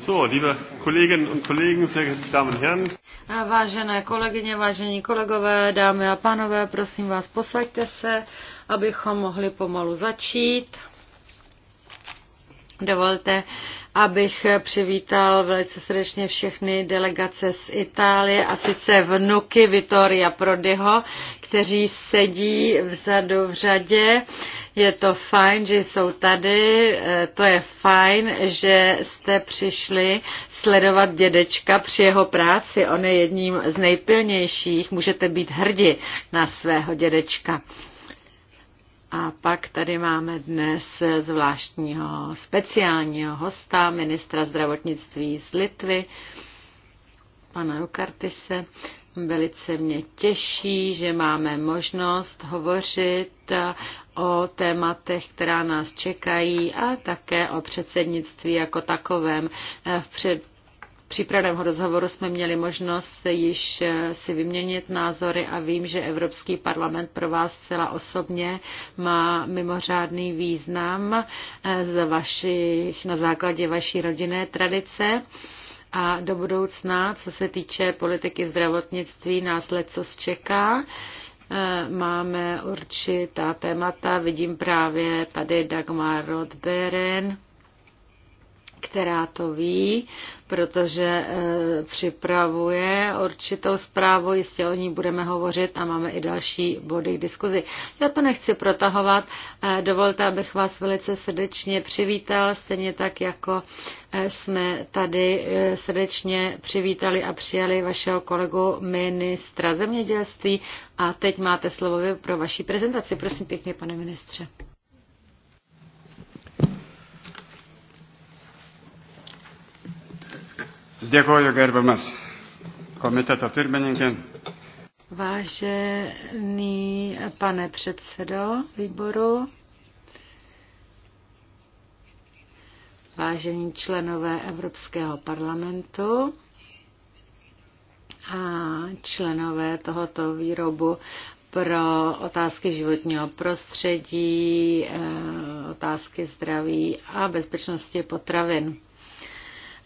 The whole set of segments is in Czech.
So, liebe Kolleginnen und Kollegen, sehr geehrte Damen und Herren. Vážené kolegyně, vážení kolegové, dámy a pánové, prosím vás, posaďte se, abychom mohli pomalu začít. Dovolte, abych přivítal velice srdečně všechny delegace z Itálie a sice vnuky Vittoria Prodiho, kteří sedí vzadu v řadě. Je to fajn, že jsou tady, eh, to je fajn, že jste přišli sledovat dědečka při jeho práci. On je jedním z nejpilnějších, můžete být hrdi na svého dědečka. A pak tady máme dnes zvláštního speciálního hosta, ministra zdravotnictví z Litvy, pana Jukartise. Velice mě těší, že máme možnost hovořit o tématech, která nás čekají a také o předsednictví jako takovém. V před přípravného rozhovoru jsme měli možnost již eh, si vyměnit názory a vím, že Evropský parlament pro vás zcela osobně má mimořádný význam eh, z vašich, na základě vaší rodinné tradice. A do budoucna, co se týče politiky zdravotnictví, nás co čeká eh, máme určitá témata. Vidím právě tady Dagmar Rodberen, která to ví, protože e, připravuje určitou zprávu, jistě o ní budeme hovořit a máme i další body k diskuzi. Já to nechci protahovat, e, dovolte, abych vás velice srdečně přivítal, stejně tak, jako e, jsme tady srdečně přivítali a přijali vašeho kolegu ministra zemědělství a teď máte slovo pro vaši prezentaci. Prosím pěkně, pane ministře. Děkuji, gerbiamas komiteto pirmininkė. Vážený pane předsedo výboru, vážení členové Evropského parlamentu a členové tohoto výrobu pro otázky životního prostředí, eh, otázky zdraví a bezpečnosti potravin.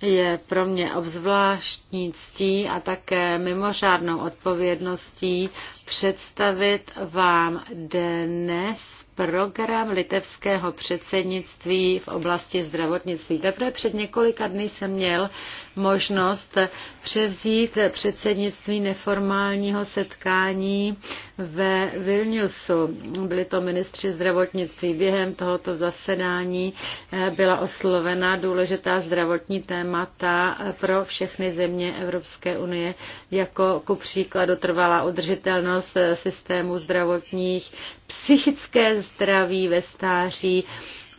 Je pro mě obzvláštní ctí a také mimořádnou odpovědností představit vám dnes program litevského předsednictví v oblasti zdravotnictví. Teprve před několika dny jsem měl možnost převzít předsednictví neformálního setkání ve Vilniusu. Byli to ministři zdravotnictví. Během tohoto zasedání eh, byla oslovena důležitá zdravotní témata pro všechny země Evropské unie, jako ku příkladu trvalá udržitelnost eh, systému zdravotních, psychické zdraví, ve stáří,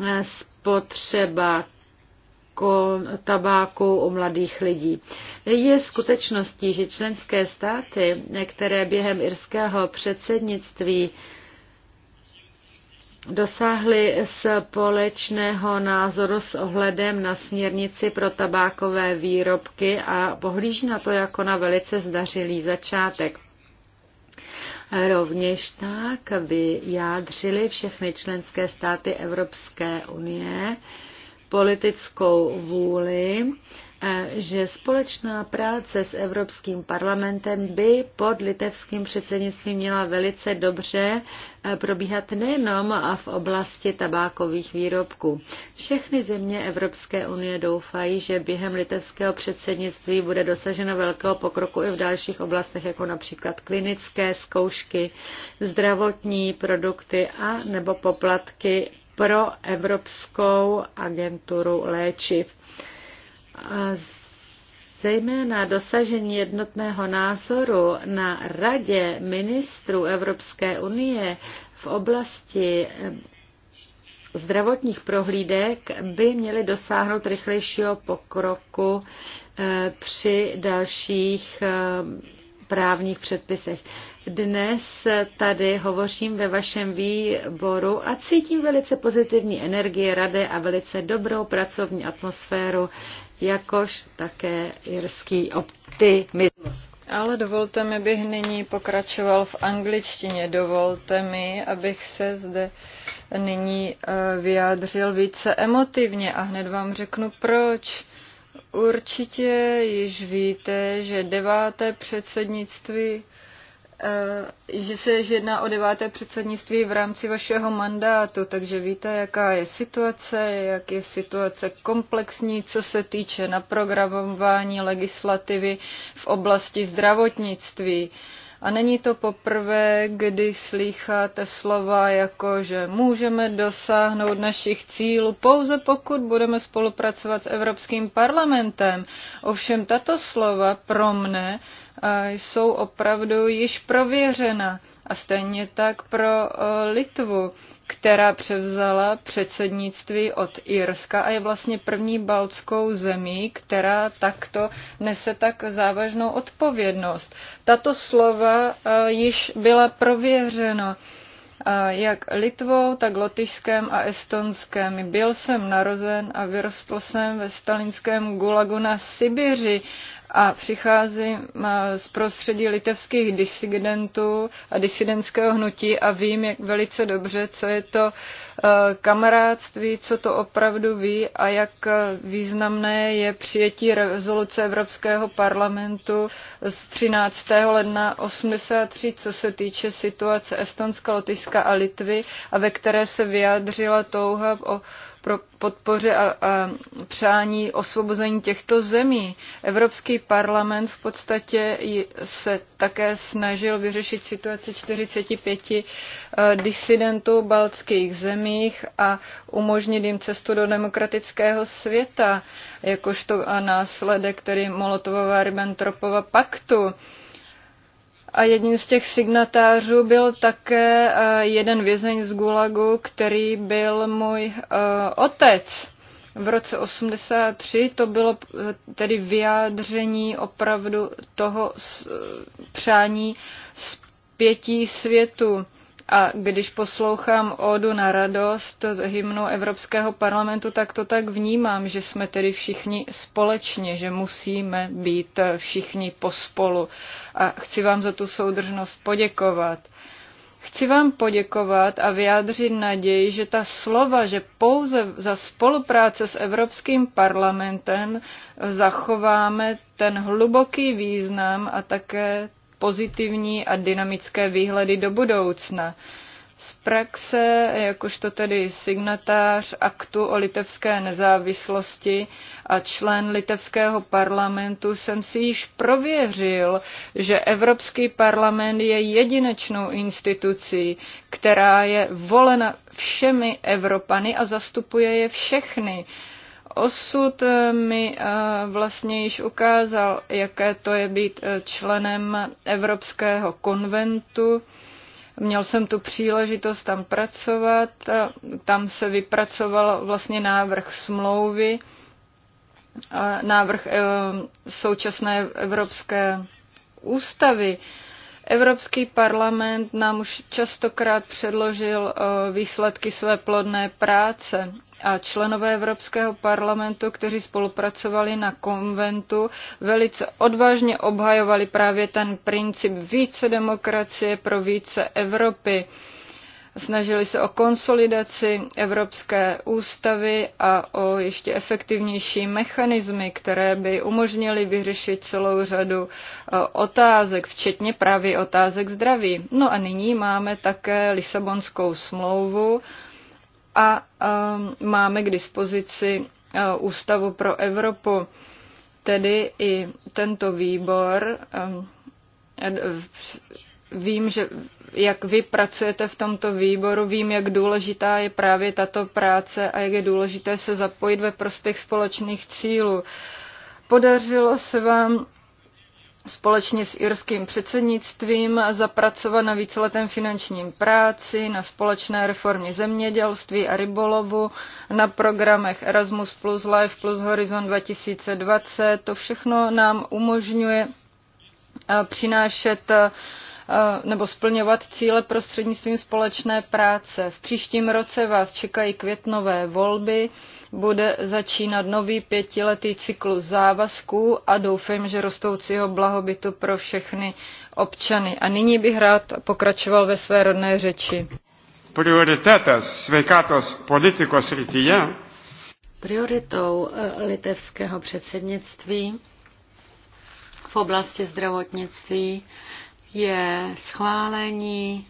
eh, spotřeba tabáku u mladých lidí. Je skutečností, že členské státy, které během irského předsednictví dosáhli společného názoru s ohledem na směrnici pro tabákové výrobky a pohlíží na to jako na velice zdařilý začátek rovněž tak, aby jádřili všechny členské státy Evropské unie politickou vůli že společná práce s Evropským parlamentem by pod litevským předsednictvím měla velice dobře eh, probíhat nejenom v oblasti tabákových výrobků. Všechny země Evropské unie doufají, že během litevského předsednictví bude dosaženo velkého pokroku i v dalších oblastech, jako například klinické zkoušky, zdravotní produkty a nebo poplatky pro Evropskou agenturu léčiv. A zejména dosažení jednotného názoru na Radě ministrů Evropské unie v oblasti eh, zdravotních prohlídek by měly dosáhnout rychlejšího pokroku eh, při dalších eh, právních předpisech. Dnes tady hovořím ve vašem výboru a cítím velice pozitivní energie rady a velice dobrou pracovní atmosféru, jakož také jirský optimismus. Ale dovolte mi, bych nyní pokračoval v angličtině. Dovolte mi, abych se zde nyní eh, vyjádřil více emotivně a hned vám řeknu proč. Určitě již víte, že deváté předsednictví Eh, že se jedná o deváté předsednictví v rámci vašeho mandátu, takže víte, jaká je situace, jak je situace komplexní, co se týče naprogramování legislativy v oblasti zdravotnictví. A není to poprvé, kdy slýcháte slova jako, že můžeme dosáhnout našich cílů pouze pokud budeme spolupracovat s Evropským parlamentem. Ovšem tato slova pro mne jsou opravdu již prověřena. A stejně tak pro Litvu, která převzala předsednictví od Irska a je vlastně první baltskou zemí, která takto nese tak závažnou odpovědnost. Tato slova již byla prověřena jak Litvou, tak Lotyšském a Estonskem. Byl jsem narozen a vyrostl jsem ve stalinském gulagu na Sibiři a přicházím eh, z prostředí litevských disidentů a disidentského hnutí a vím jak velice dobře, co je to Eh, kamarádství, co to opravdu ví a jak významné je přijetí rezoluce Evropského parlamentu z 13. ledna 83, co se týče situace Estonska, Lotyšska a Litvy, a ve které se vyjádřila touha o pro podpoře a, a přání osvobození těchto zemí. Evropský parlament v podstatě se také snažil vyřešit situaci 45 eh, disidentů baltských zemí zemích a umožnit jim cestu do demokratického světa, jakožto a následek tedy Molotovova-Ribbentropova paktu. A jedním z těch signatářů byl také jeden vězeň z Gulagu, který byl můj otec. V roce 83 to bylo e, tedy vyjádření opravdu toho e, přání zpětí světu. A když poslouchám Ódu na radost hymnu Evropského parlamentu, tak to tak vnímám, že jsme tedy všichni společně, že musíme být všichni pospolu. A chci vám za tu soudržnost poděkovat. Chci vám poděkovat a vyjádřit naději, že ta slova, že pouze za spolupráce s Evropským parlamentem zachováme ten hluboký význam a také pozitivní a dynamické výhledy do budoucna. Z praxe, jakožto tedy signatář aktu o litevské nezávislosti a člen litevského parlamentu, jsem si již prověřil, že Evropský parlament je jedinečnou institucí, která je volena všemi Evropany a zastupuje je všechny osud eh, mi eh, vlastně již ukázal, jaké to je být eh, členem Evropského konventu. Měl jsem tu příležitost tam pracovat, tam se vypracoval vlastně návrh smlouvy, návrh současné Evropské ústavy. Evropský parlament nám už častokrát předložil eh, výsledky své plodné práce a členové Evropského parlamentu, kteří spolupracovali na konventu, velice odvážně obhajovali právě ten princip více demokracie pro více Evropy snažili se o konsolidaci Evropské ústavy a o ještě efektivnější mechanismy, které by umožnily vyřešit celou řadu e, otázek, včetně právě otázek zdraví. No a nyní máme také Lisabonskou smlouvu a e, máme k dispozici e, Ústavu pro Evropu. Tedy i tento výbor vím, že jak vy pracujete v tomto výboru. Vím, jak důležitá je právě tato práce a jak je důležité se zapojit ve prospěch společných cílů. Podařilo se vám společně s irským předsednictvím zapracovat na víceletém finančním práci, na společné reformě zemědělství a rybolovu, na programech Erasmus plus Life plus Horizon 2020. To všechno nám umožňuje přinášet Eh, nebo splňovat cíle prostřednictvím společné práce. V příštím roce vás čekají květnové volby, bude začínat nový pětiletý cyklus závazků a doufám, že rostoucího blahobytu pro všechny občany. A nyní bych rád pokračoval ve své rodné řeči. Prioritetas sveikatos politikos srityje. Prioritou eh, litevského předsednictví v oblasti zdravotnictví je schválení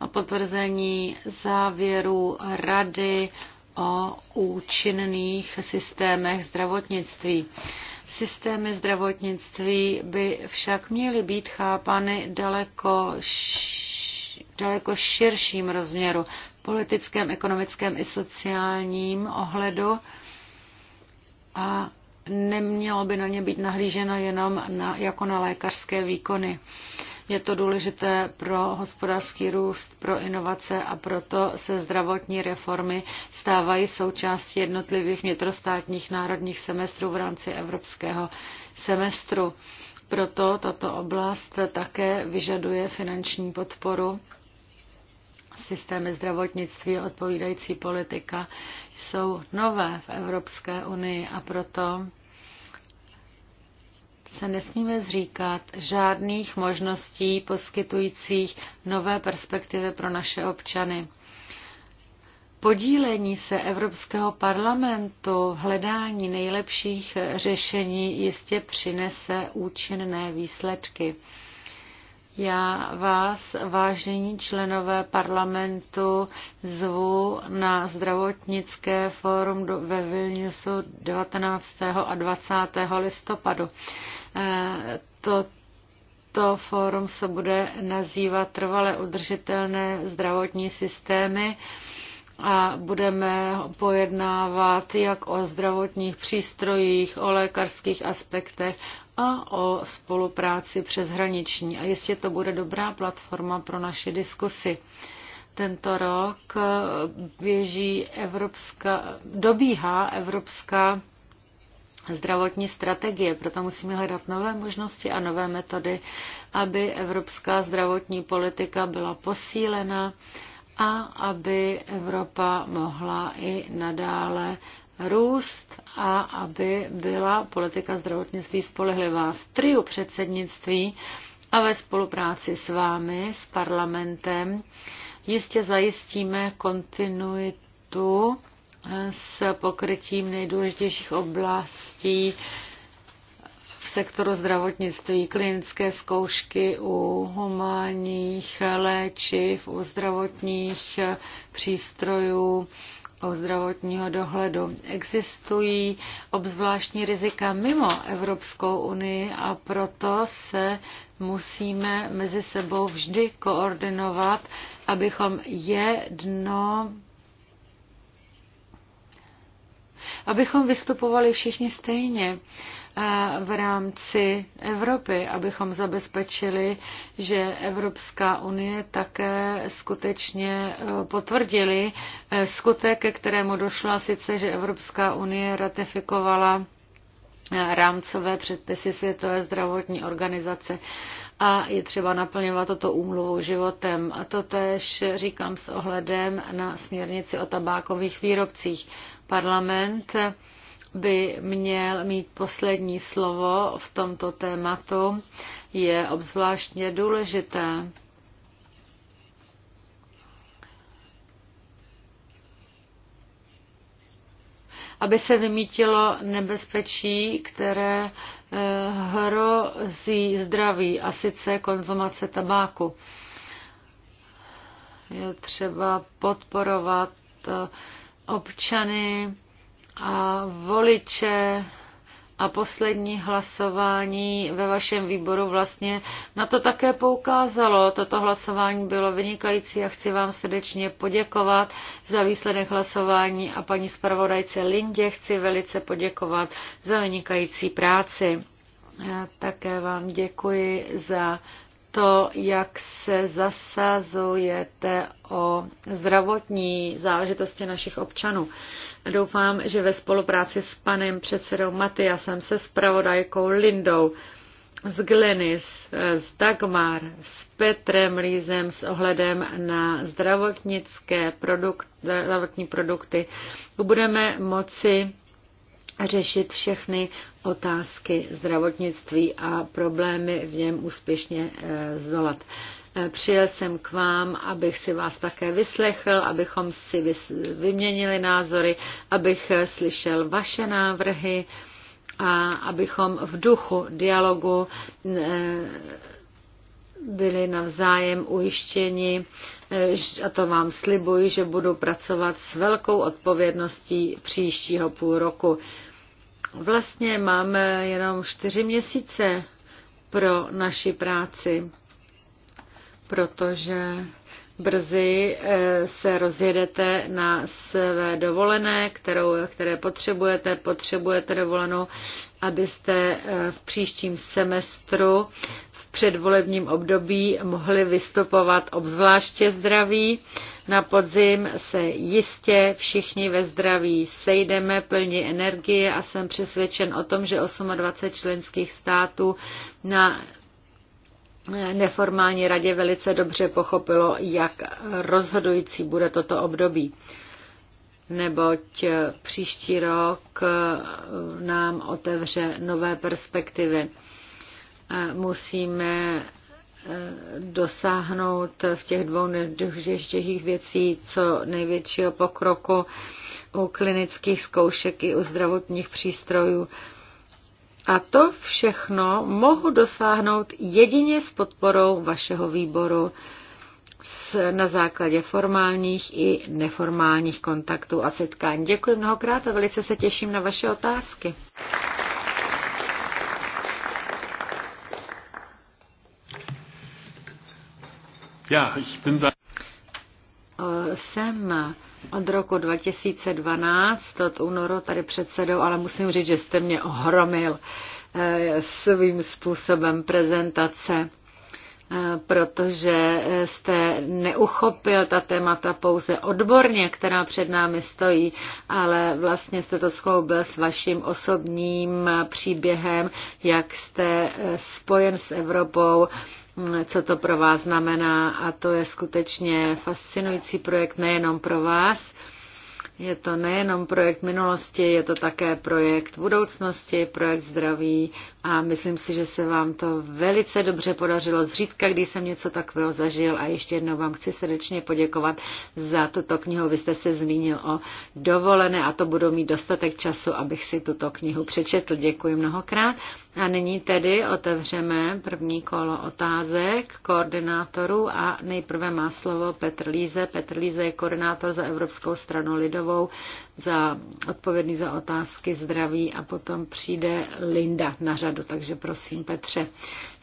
a potvrzení závěru Rady o účinných systémech zdravotnictví. Systémy zdravotnictví by však měly být chápany daleko, daleko širším rozměru, politickém, ekonomickém i sociálním ohledu a nemělo by na ně být nahlíženo jenom na, jako na lékařské výkony. Je to důležité pro hospodářský růst, pro inovace a proto se zdravotní reformy stávají součástí jednotlivých vnitrostátních národních semestrů v rámci evropského semestru. Proto tato oblast také vyžaduje finanční podporu systémy zdravotnictví a odpovídající politika jsou nové v Evropské unii a proto se nesmíme zříkat žádných možností poskytujících nové perspektivy pro naše občany. Podílení se Evropského parlamentu v hledání nejlepších řešení jistě přinese účinné výsledky. Já vás, vážení členové parlamentu, zvu na zdravotnické fórum ve Vilniusu 19. a 20. listopadu. Eh, to to fórum se bude nazývat trvale udržitelné zdravotní systémy a budeme pojednávat jak o zdravotních přístrojích, o lékařských aspektech, a o spolupráci přeshraniční. A jistě to bude dobrá platforma pro naše diskusy. Tento rok běží Evropská, dobíhá Evropská zdravotní strategie, proto musíme hledat nové možnosti a nové metody, aby evropská zdravotní politika byla posílena a aby Evropa mohla i nadále růst a aby byla politika zdravotnictví spolehlivá. V triu předsednictví a ve spolupráci s vámi, s parlamentem, jistě zajistíme kontinuitu eh, s pokrytím nejdůležitějších oblastí v sektoru zdravotnictví, klinické zkoušky u humánních léčiv, u zdravotních eh, přístrojů, zdravotního dohledu. Existují obzvláštní rizika mimo Evropskou unii a proto se musíme mezi sebou vždy koordinovat, abychom jedno abychom vystupovali všichni stejně v rámci Evropy, abychom zabezpečili, že Evropská unie také skutečně eh, potvrdili eh, skutek, ke kterému došla sice, že Evropská unie ratifikovala eh, rámcové předpisy Světové zdravotní organizace a je třeba naplňovat toto úmluvu životem. A to tež říkám s ohledem na směrnici o tabákových výrobcích. Parlament by měl mít poslední slovo v tomto tématu, je obzvláštně důležité. aby se vymítilo nebezpečí, které eh, hrozí zdraví, a sice konzumace tabáku. Je třeba podporovat eh, občany, a voliče a poslední hlasování ve vašem výboru vlastně na to také poukázalo. Toto hlasování bylo vynikající a chci vám srdečně poděkovat za výsledek hlasování a paní zpravodajce Lindě chci velice poděkovat za vynikající práci. Já také vám děkuji za to, jak se zasazujete o zdravotní záležitosti našich občanů. Doufám, že ve spolupráci s panem předsedou Matyasem, se spravodajkou Lindou, s Glenis, s Dagmar, s Petrem Lízem s ohledem na zdravotnické produkt, zdravotní produkty budeme moci řešit všechny otázky zdravotnictví a problémy v něm úspěšně eh, zdolat. Eh, přijel jsem k vám, abych si vás také vyslechl, abychom si vyměnili názory, abych eh, slyšel vaše návrhy a abychom v duchu dialogu byli navzájem ujištěni e, a to vám slibuji, že budu pracovat s velkou odpovědností příštího půl roku. Vlastně máme jenom čtyři měsíce pro naši práci, protože brzy e, se rozjedete na své dovolené, kterou, které potřebujete. Potřebujete dovolenou, abyste e, v příštím semestru předvolebním období mohli vystupovat obzvláště zdraví. Na podzim se jistě všichni ve zdraví sejdeme plně energie a jsem přesvědčen o tom, že 28 členských států na neformální radě velice dobře pochopilo, jak rozhodující bude toto období neboť příští rok nám otevře nové perspektivy musíme e, dosáhnout v těch dvou nejdůležitějších věcí co největšího pokroku u klinických zkoušek i u zdravotních přístrojů. A to všechno mohu dosáhnout jedině s podporou vašeho výboru s, na základě formálních i neformálních kontaktů a setkání. Děkuji mnohokrát a velice se těším na vaše otázky. Já, Jsem od roku 2012, od únoru tady předsedou, ale musím říct, že jste mě ohromil eh, svým způsobem prezentace eh, protože jste neuchopil ta témata pouze odborně, která před námi stojí, ale vlastně jste to skloubil s vaším osobním příběhem, jak jste eh, spojen s Evropou co to pro vás znamená a to je skutečně fascinující projekt nejenom pro vás, je to nejenom projekt minulosti, je to také projekt budoucnosti, projekt zdraví a myslím si, že se vám to velice dobře podařilo. Zřídka, když jsem něco takového zažil a ještě jednou vám chci srdečně poděkovat za tuto knihu. Vy jste se zmínil o dovolené a to budu mít dostatek času, abych si tuto knihu přečetl. Děkuji mnohokrát. A nyní tedy otevřeme první kolo otázek koordinátorů a nejprve má slovo Petr Líze. Petr Líze je koordinátor za Evropskou stranu lidovou Kovářovou za odpovědný za otázky zdraví a potom přijde Linda na řadu, takže prosím Petře.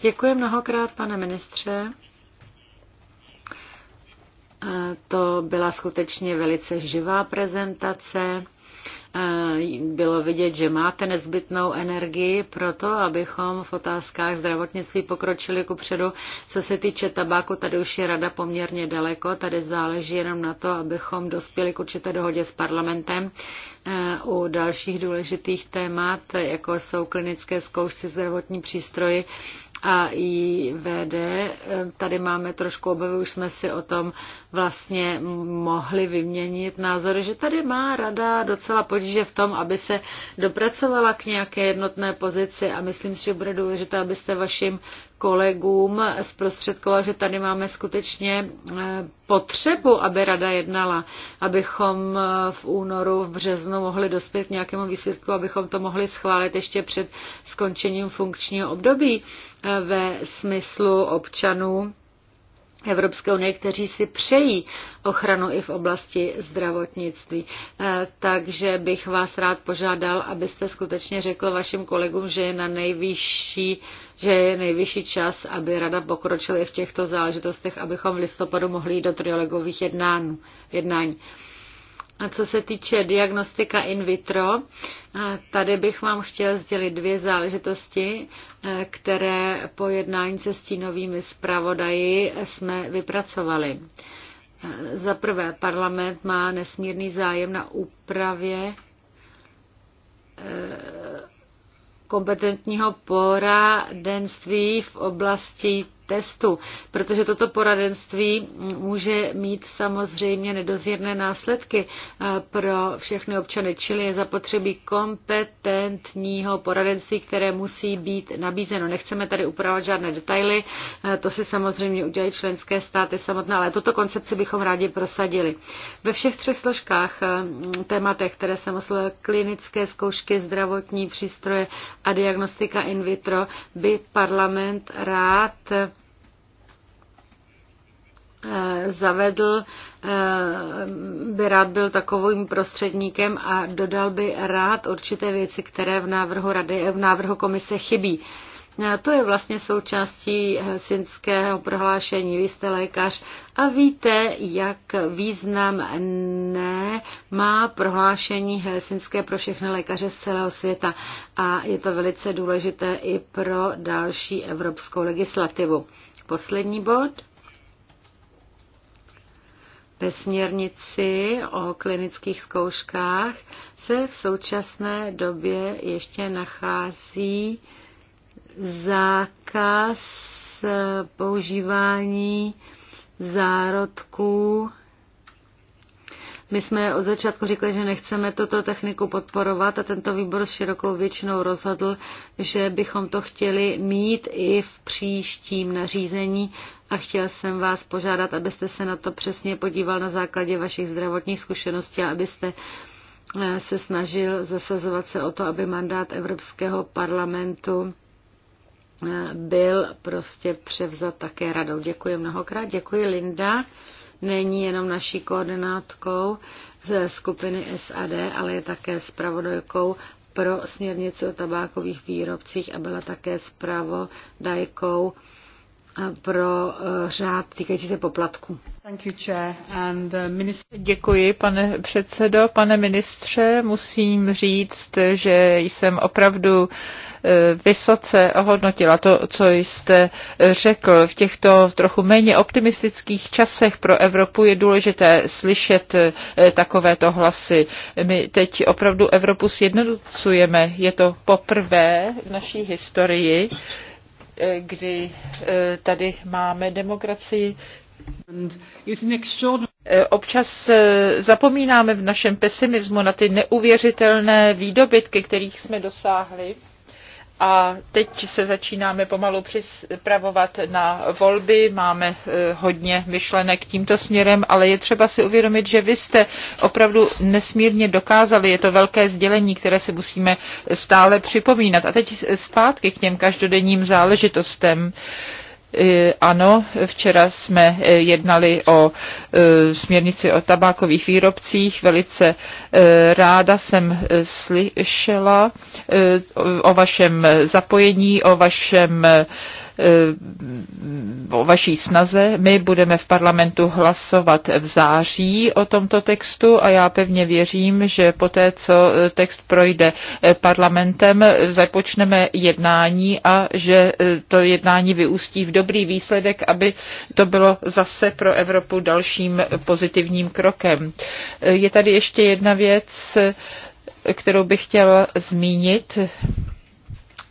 Děkuji mnohokrát, pane ministře. To byla skutečně velice živá prezentace. Bylo vidět, že máte nezbytnou energii pro to, abychom v otázkách zdravotnictví pokročili ku předu. Co se týče tabáku, tady už je rada poměrně daleko. Tady záleží jenom na to, abychom dospěli k určité dohodě s parlamentem e, u dalších důležitých témat, jako jsou klinické zkoušky, zdravotní přístroji a Vd. Eh, tady máme trošku obavy, už jsme si o tom vlastně mohli vyměnit názory, že tady má rada docela potíže v tom, aby se dopracovala k nějaké jednotné pozici a myslím si, že bude důležité, abyste vašim kolegům zprostředkoval, že tady máme skutečně eh, potřebu, aby rada jednala, abychom eh, v únoru, v březnu mohli dospět k nějakému výsledku, abychom to mohli schválit ještě před skončením funkčního období eh, ve smyslu občanů Evropské unie, kteří si přejí ochranu i v oblasti zdravotnictví. Eh, takže bych vás rád požádal, abyste skutečně řekl vašim kolegům, že je na nejvyšší že je nejvyšší čas, aby Rada pokročila i v těchto záležitostech, abychom v listopadu mohli jít do trialogových jednání. A co se týče diagnostika in vitro, tady bych vám chtěl sdělit dvě záležitosti, e, které po jednání se stínovými zpravodaji jsme vypracovali. E, za prvé, parlament má nesmírný zájem na úpravě e, kompetentního poradenství v oblasti testu, protože toto poradenství může mít samozřejmě nedozírné následky eh, pro všechny občany, čili je zapotřebí kompetentního poradenství, které musí být nabízeno. Nechceme tady upravovat žádné detaily, eh, to si samozřejmě udělají členské státy samotné, ale tuto koncepci bychom rádi prosadili. Ve všech třech složkách eh, tématech, které jsem oslovil, klinické zkoušky, zdravotní přístroje a diagnostika in vitro, by parlament rád Eh, zavedl, eh, by rád byl takovým prostředníkem a dodal by rád určité věci, které v návrhu, rady, eh, v návrhu komise chybí. A to je vlastně součástí synského prohlášení. Vy jste lékař a víte, jak význam ne má prohlášení helsinské pro všechny lékaře z celého světa. A je to velice důležité i pro další evropskou legislativu. Poslední bod. Ve směrnici o klinických zkouškách se v současné době ještě nachází zákaz používání zárodků my jsme od začátku říkali, že nechceme tuto techniku podporovat a tento výbor s širokou většinou rozhodl, že bychom to chtěli mít i v příštím nařízení a chtěl jsem vás požádat, abyste se na to přesně podíval na základě vašich zdravotních zkušeností a abyste eh, se snažil zasazovat se o to, aby mandát Evropského parlamentu eh, byl prostě převzat také radou. Děkuji mnohokrát, děkuji Linda není jenom naší koordinátkou ze skupiny SAD, ale je také spravodajkou pro směrnici o tabákových výrobcích a byla také zpravodajkou eh, pro eh, řád týkající se poplatku. Eh, Děkuji, pane předsedo. Pane ministře, musím říct, že jsem opravdu Eh, vysoce ohodnotila to, co jste eh, řekl. V těchto trochu méně optimistických časech pro Evropu je důležité slyšet eh, takovéto hlasy. My teď opravdu Evropu sjednocujeme. Je to poprvé v naší historii, kdy tady máme demokracii Občas zapomínáme v našem pesimismu na ty neuvěřitelné výdobytky, kterých jsme dosáhli a teď se začínáme pomalu připravovat na volby, máme eh, hodně myšlenek tímto směrem, ale je třeba si uvědomit, že vy jste opravdu nesmírně dokázali, je to velké sdělení, které se musíme stále připomínat. A teď zpátky k těm každodenním záležitostem. E, ano, včera jsme e, jednali o e, směrnici o tabákových výrobcích. Velice ráda jsem slyšela o vašem zapojení, o vašem Eh, o vaší snaze. My budeme v parlamentu hlasovat v září o tomto textu a já pevně věřím, že poté, co eh, text projde eh, parlamentem, započneme jednání a že to jednání vyústí v dobrý výsledek, aby to bylo zase pro Evropu dalším pozitivním krokem. Je tady ještě jedna věc, kterou bych chtěl zmínit.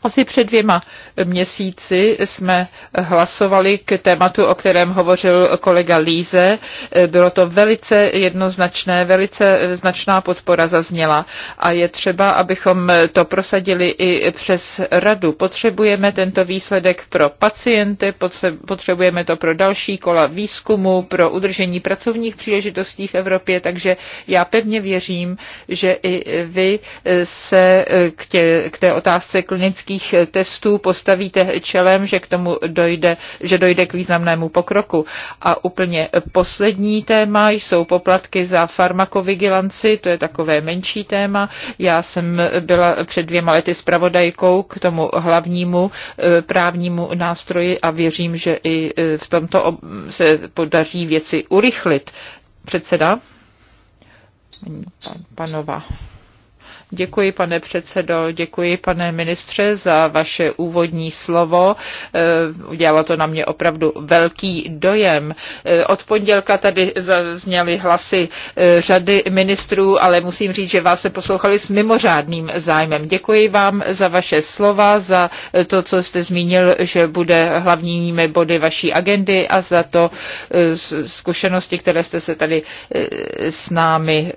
Asi před dvěma měsíci jsme hlasovali k tématu, o kterém hovořil kolega Líze. Bylo to velice jednoznačné, velice značná podpora zazněla a je třeba, abychom to prosadili i přes radu. Potřebujeme tento výsledek pro pacienty, potřebujeme to pro další kola výzkumu, pro udržení pracovních příležitostí v Evropě, takže já pevně věřím, že i vy se k, té otázce klinické klinických eh, testů postavíte čelem, že k tomu dojde, že dojde k významnému pokroku. A úplně poslední téma jsou poplatky za farmakovigilanci, to je takové menší téma. Já jsem byla před dvěma lety zpravodajkou k tomu hlavnímu eh, právnímu nástroji a věřím, že i eh, v tomto se podaří věci urychlit. Předseda? Panova. Děkuji, pane předsedo, děkuji, pane ministře, za vaše úvodní slovo. Eh, udělalo to na mě opravdu velký dojem. Eh, od pondělka tady zazněly hlasy eh, řady ministrů, ale musím říct, že vás se poslouchali s mimořádným zájmem. Děkuji vám za vaše slova, za to, co jste zmínil, že bude hlavními body vaší agendy a za to zkušenosti, které jste se tady s námi,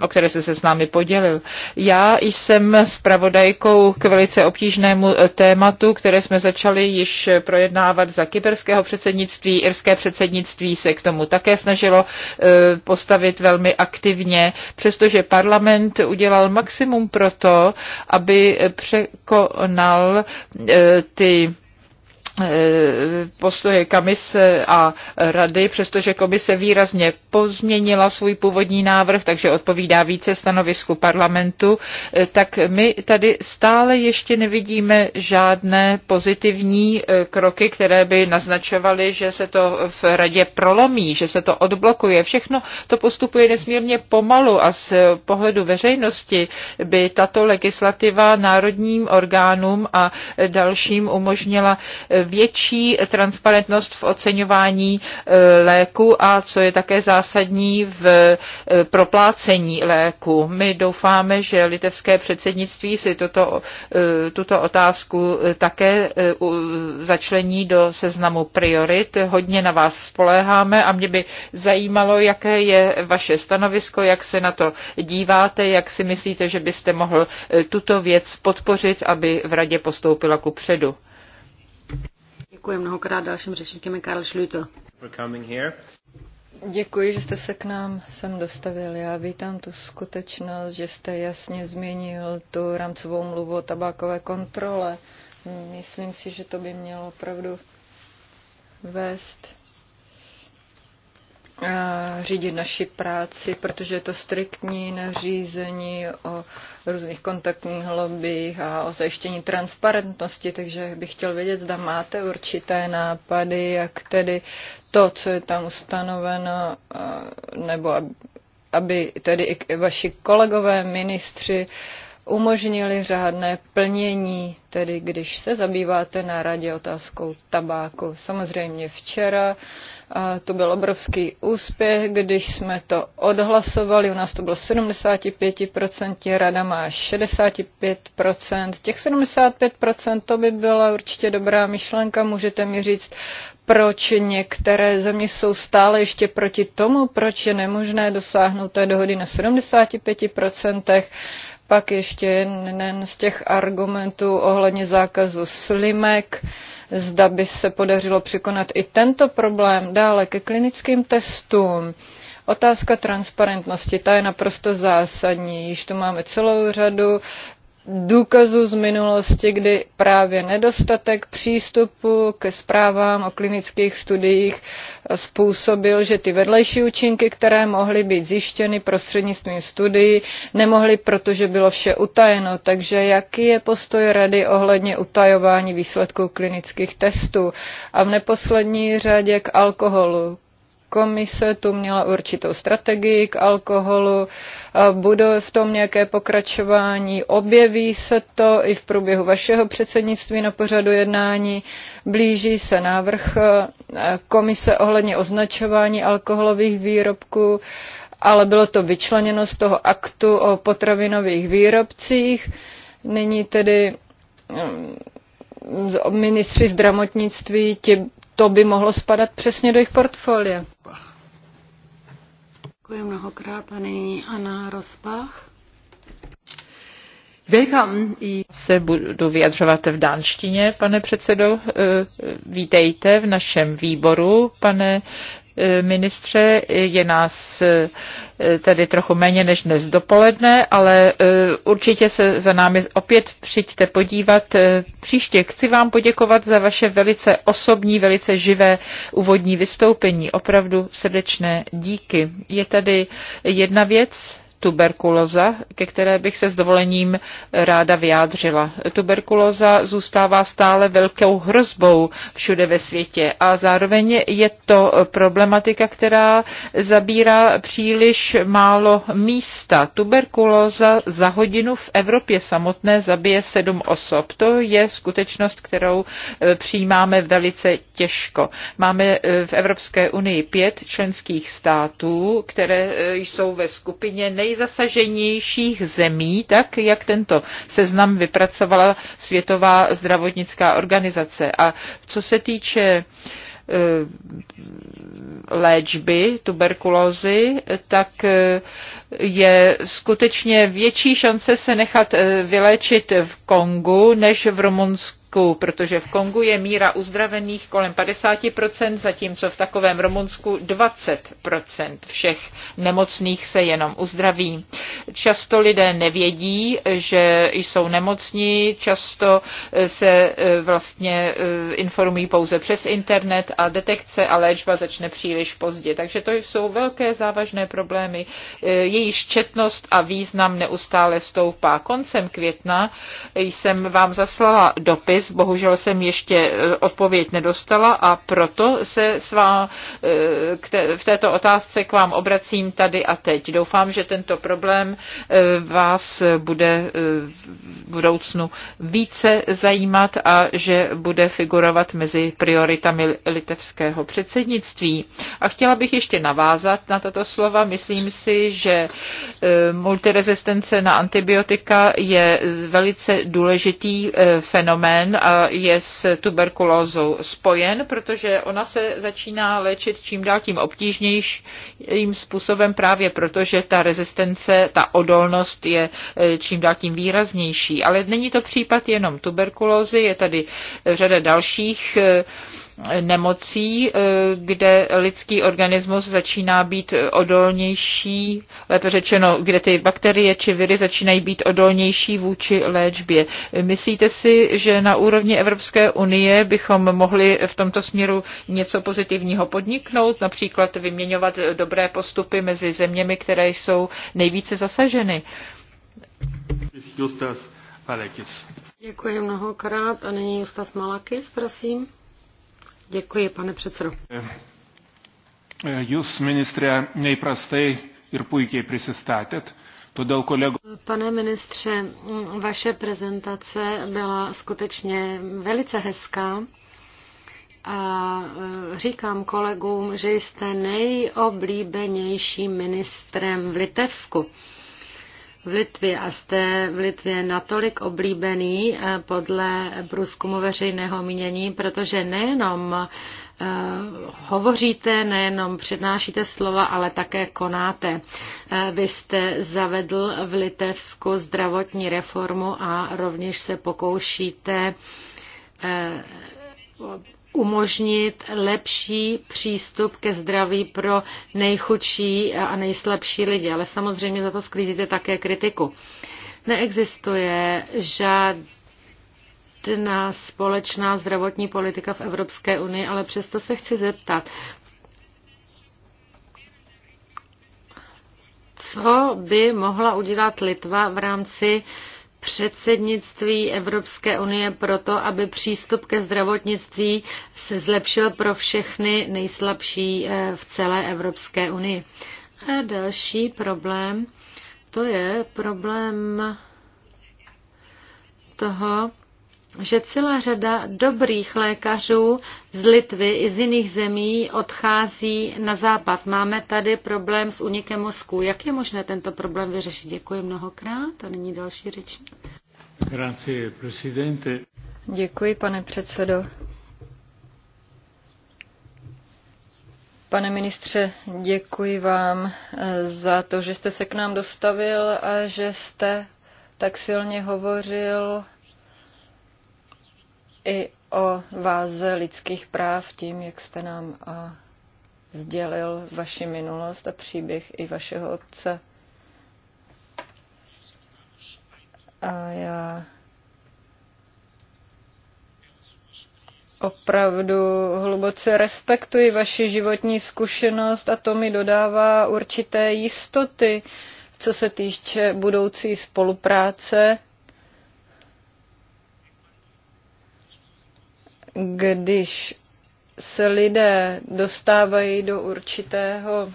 o které jste se s námi podělil já jsem zpravodajkou k velice obtížnému eh, tématu, které jsme začali již projednávat za kyberského předsednictví. Irské předsednictví se k tomu také snažilo eh, postavit velmi aktivně, přestože parlament udělal maximum pro to, aby překonal eh, ty Eh, postoje komise a rady, přestože komise výrazně pozměnila svůj původní návrh, takže odpovídá více stanovisku parlamentu, eh, tak my tady stále ještě nevidíme žádné pozitivní eh, kroky, které by naznačovaly, že se to v radě prolomí, že se to odblokuje. Všechno to postupuje nesmírně pomalu a z pohledu veřejnosti by tato legislativa národním orgánům a dalším umožnila větší transparentnost v oceňování e, léku a co je také zásadní v e, proplácení léku. My doufáme, že litevské předsednictví si toto, e, tuto otázku také začlení do seznamu priorit. Hodně na vás spoléháme a mě by zajímalo, jaké je vaše stanovisko, jak se na to díváte, jak si myslíte, že byste mohl tuto věc podpořit, aby v radě postoupila ku předu. Děkuji mnohokrát dalším řečníkem je Karl Schlüter. Děkuji, že jste se k nám sem dostavil. Já vítám tu skutečnost, že jste jasně změnil tu rámcovou mluvu o tabákové kontrole. Myslím si, že to by mělo opravdu vést Eh, řídit naši práci, protože je to striktní nařízení o různých kontaktních lobbych a o zajištění transparentnosti, takže bych chtěl vědět, zda máte určité nápady, jak tedy to, co je tam ustanoveno, eh, nebo aby tedy i vaši kolegové ministři umožnili řádné plnění, tedy když se zabýváte na radě otázkou tabáku. Samozřejmě včera uh, to byl obrovský úspěch, když jsme to odhlasovali, u nás to bylo 75%, rada má 65%. Těch 75% to by byla určitě dobrá myšlenka, můžete mi říct, proč některé země jsou stále ještě proti tomu, proč je nemožné dosáhnout té dohody na 75%. Pak ještě jeden z těch argumentů ohledně zákazu slimek, zda by se podařilo překonat i tento problém. Dále ke klinickým testům. Otázka transparentnosti, ta je naprosto zásadní. Již tu máme celou řadu důkazů z minulosti, kdy právě nedostatek přístupu ke zprávám o klinických studiích způsobil, že ty vedlejší účinky, které mohly být zjištěny prostřednictvím studií, nemohly, protože bylo vše utajeno. Takže jaký je postoj rady ohledně utajování výsledků klinických testů? A v neposlední řadě k alkoholu komise tu měla určitou strategii k alkoholu, bude v tom nějaké pokračování, objeví se to i v průběhu vašeho předsednictví na pořadu jednání, blíží se návrh eh, komise ohledně označování alkoholových výrobků, ale bylo to vyčleněno z toho aktu o potravinových výrobcích. Nyní tedy mm, ministři zdravotnictví ti to by mohlo spadat přesně do jejich portfolia. Děkuji mnohokrát a nyní Anna Rozbach. Welcome. Se budu vyjadřovat v dánštině, pane předsedo. E, e, vítejte v našem výboru, pane ministře. Je nás eh, tedy trochu méně než dnes dopoledne, ale eh, určitě se za námi opět přijďte podívat eh, příště. Chci vám poděkovat za vaše velice osobní, velice živé úvodní vystoupení. Opravdu srdečné díky. Je tady jedna věc, tuberkuloza, ke které bych se s dovolením ráda vyjádřila. Tuberkuloza zůstává stále velkou hrozbou všude ve světě a zároveň je to problematika, která zabírá příliš málo místa. Tuberkuloza za hodinu v Evropě samotné zabije sedm osob. To je skutečnost, kterou eh, přijímáme velice těžko. Máme eh, v Evropské unii pět členských států, které eh, jsou ve skupině nej nejzasaženějších zemí, tak jak tento seznam vypracovala Světová zdravotnická organizace. A co se týče e, léčby tuberkulózy, tak e, je skutečně větší šance se nechat e, vyléčit v Kongu než v Rumunsku Kongu, protože v Kongu je míra uzdravených kolem 50%, zatímco v takovém Rumunsku 20% všech nemocných se jenom uzdraví. Často lidé nevědí, že jsou nemocní, často se e, vlastně e, informují pouze přes internet a detekce a léčba začne příliš pozdě. Takže to jsou velké závažné problémy. E, Jejich četnost a význam neustále stoupá. Koncem května jsem vám zaslala dopis, dopis. Bohužel jsem ještě e, odpověď nedostala a proto se s vám e, v této otázce k vám obracím tady a teď. Doufám, že tento problém e, vás bude v budoucnu více zajímat a že bude figurovat mezi prioritami litevského předsednictví. A chtěla bych ještě navázat na tato slova. Myslím si, že multirezistence na antibiotika je velice důležitý fenomén žen a je s tuberkulózou spojen, protože ona se začíná léčit čím dál tím obtížnějším způsobem právě proto, že ta rezistence, ta odolnost je e, čím dál tím výraznější. Ale není to případ jenom tuberkulózy, je tady řada dalších e, nemocí, eh, kde lidský organismus začíná být odolnější, lépe řečeno, kde ty bakterie či viry začínají být odolnější vůči léčbě. Myslíte si, že na úrovni Evropské unie bychom mohli v tomto směru něco pozitivního podniknout, například vyměňovat dobré postupy mezi zeměmi, které jsou nejvíce zasaženy? Justas Malakis. Děkuji mnohokrát a nyní Justas Malakis, prosím. Děkuji, pane předsedo. Jūs, ministře, nejprasté ir puikiai prisistatėt. Todėl kolego... Pane ministře, vaše prezentace byla skutečně velice hezká a e, říkám kolegům, že jste nejoblíbenějším ministrem v Litevsku v Litvě a jste v Litvě natolik oblíbený eh, podle průzkumu veřejného mínění, protože nejenom eh, hovoříte, nejenom přednášíte slova, ale také konáte. Eh, vy jste zavedl v Litevsku zdravotní reformu a rovněž se pokoušíte umožnit lepší přístup ke zdraví pro nejchudší a nejslabší lidi. Ale samozřejmě za to sklízíte také kritiku. Neexistuje žádný společná zdravotní politika v Evropské unii, ale přesto se chci zeptat, co by mohla udělat Litva v rámci předsednictví Evropské unie proto, aby přístup ke zdravotnictví se zlepšil pro všechny nejslabší eh, v celé Evropské unii. A další problém, to je problém toho, že celá řada dobrých lékařů z Litvy i z jiných zemí odchází na západ. Máme tady problém s unikem mozku. Jak je možné tento problém vyřešit? Děkuji mnohokrát a nyní další řečník. Grazie, presidente. Děkuji, pane předsedo. Pane ministře, děkuji vám eh, za to, že jste se k nám dostavil a že jste tak silně hovořil i o váze lidských práv tím, jak jste nám sdělil vaši minulost a příběh i vašeho otce. A já opravdu hluboce respektuji vaši životní zkušenost a to mi dodává určité jistoty, co se týče budoucí spolupráce když se lidé dostávají do určitého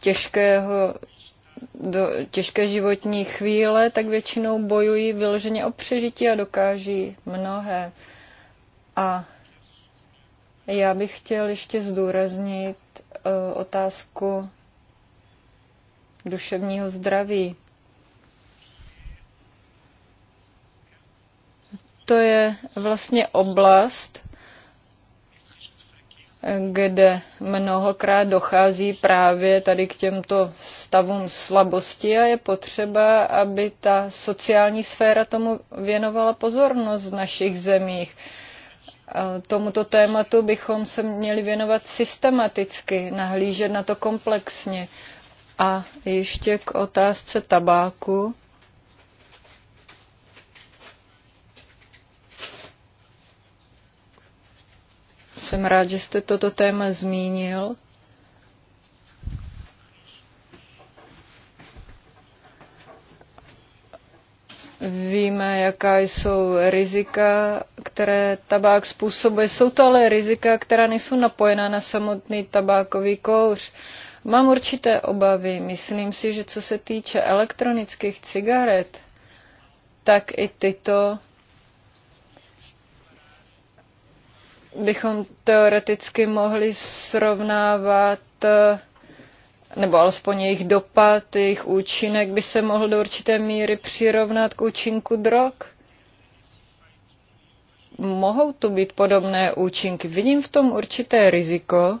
těžkého, do těžké životní chvíle, tak většinou bojují vyloženě o přežití a dokáží mnohé. A já bych chtěl ještě zdůraznit eh, otázku duševního zdraví. to je vlastně oblast, kde mnohokrát dochází právě tady k těmto stavům slabosti a je potřeba, aby ta sociální sféra tomu věnovala pozornost v našich zemích. Tomuto tématu bychom se měli věnovat systematicky, nahlížet na to komplexně. A ještě k otázce tabáku. Jsem rád, že jste toto téma zmínil. Víme, jaká jsou rizika, které tabák způsobuje. Jsou to ale rizika, která nejsou napojená na samotný tabákový kouř. Mám určité obavy. Myslím si, že co se týče elektronických cigaret, tak i tyto bychom teoreticky mohli srovnávat, eh, nebo alespoň jejich dopad, jejich účinek by se mohl do určité míry přirovnat k účinku drog? Mohou tu být podobné účinky. Vidím v tom určité riziko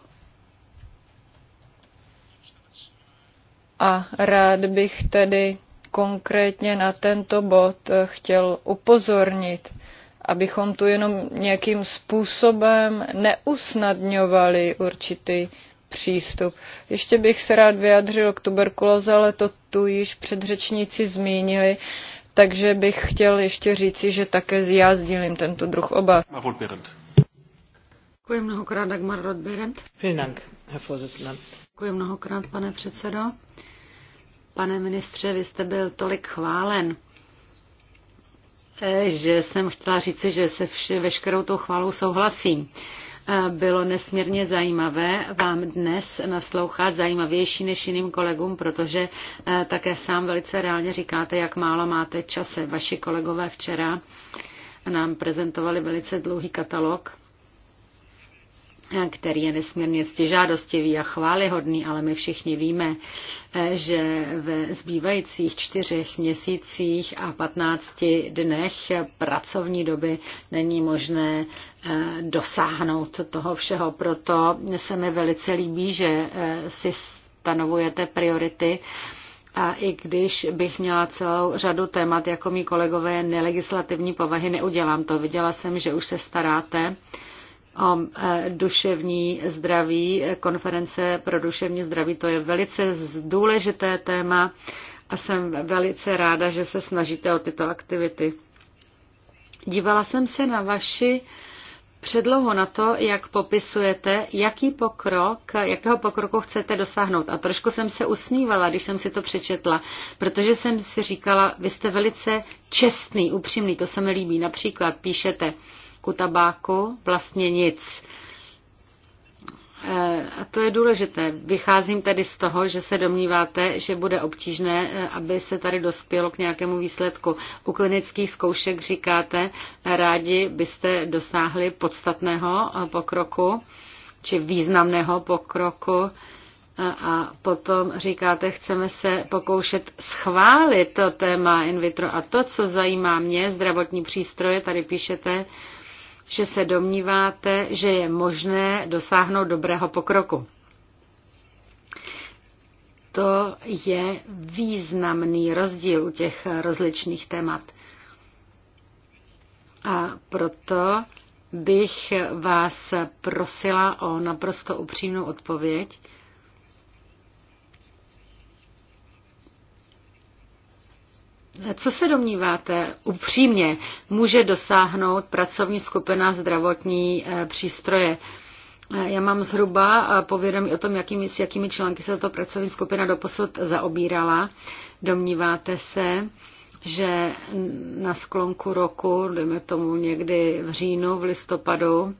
a rád bych tedy konkrétně na tento bod eh, chtěl upozornit abychom tu jenom nějakým způsobem neusnadňovali určitý přístup. Ještě bych se rád vyjadřil k tuberkuloze, ale to tu již předřečníci zmínili, takže bych chtěl ještě říci, že také já sdílím tento druh obav. Děkuji mnohokrát, Dagmar Rodbirent. Děkuji mnohokrát, pane předsedo. Pane ministře, vy jste byl tolik chválen. E, že jsem chtěla říci, že se vše, veškerou tou chvalou souhlasím. E, bylo nesmírně zajímavé vám dnes naslouchat zajímavější než jiným kolegům, protože e, také sám velice reálně říkáte, jak málo máte čase. Vaši kolegové včera nám prezentovali velice dlouhý katalog který je nesmírně stěžádostivý a chválihodný, ale my všichni víme, eh, že ve zbývajících čtyřech měsících a patnácti dnech pracovní doby není možné eh, dosáhnout toho všeho. Proto se mi velice líbí, že eh, si stanovujete priority a i když bych měla celou řadu témat jako mý kolegové nelegislativní povahy, neudělám to. Viděla jsem, že už se staráte o e, duševní zdraví, e, konference pro duševní zdraví, to je velice důležité téma a jsem velice ráda, že se snažíte o tyto aktivity. Dívala jsem se na vaši předlohu na to, jak popisujete, jaký pokrok, jakého pokroku chcete dosáhnout. A trošku jsem se usmívala, když jsem si to přečetla, protože jsem si říkala, vy jste velice čestný, upřímný, to se mi líbí. Například píšete, ku tabáku, vlastně nic. E, a to je důležité. Vycházím tedy z toho, že se domníváte, že bude obtížné, e, aby se tady dospělo k nějakému výsledku. U klinických zkoušek říkáte, rádi byste dosáhli podstatného e, pokroku, či významného pokroku. A potom říkáte, chceme se pokoušet schválit to téma in vitro. A to, co zajímá mě, zdravotní přístroje, tady píšete, že se domníváte, že je možné dosáhnout dobrého pokroku. To je významný rozdíl u těch rozličných témat. A proto bych vás prosila o naprosto upřímnou odpověď Co se domníváte upřímně, může dosáhnout pracovní skupina zdravotní eh, přístroje? Eh, já mám zhruba eh, povědomí o tom, jakými, s jakými články se tato pracovní skupina doposud zaobírala. Domníváte se, že na sklonku roku, dejme tomu někdy v říjnu, v listopadu,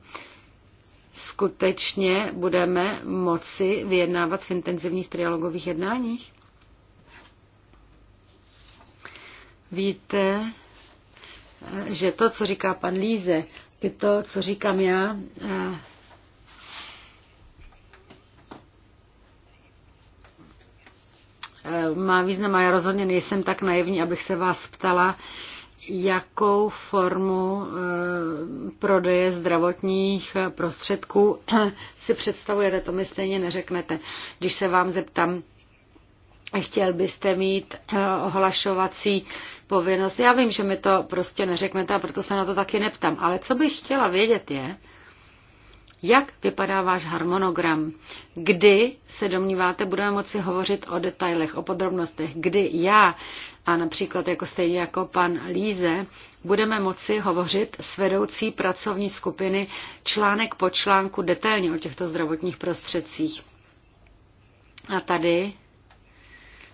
skutečně budeme moci vyjednávat v intenzivních trialogových jednáních? víte, že to, co říká pan Líze, i to, co říkám já, má význam a já rozhodně nejsem tak naivní, abych se vás ptala, jakou formu eh, prodeje zdravotních prostředků si představujete, to mi stejně neřeknete. Když se vám zeptám, chtěl byste mít eh, ohlašovací povinnost. Já vím, že mi to prostě neřeknete a proto se na to taky neptám, ale co bych chtěla vědět je, jak vypadá váš harmonogram? Kdy se domníváte, budeme moci hovořit o detailech, o podrobnostech? Kdy já a například jako stejně jako pan Líze budeme moci hovořit s vedoucí pracovní skupiny článek po článku detailně o těchto zdravotních prostředcích? A tady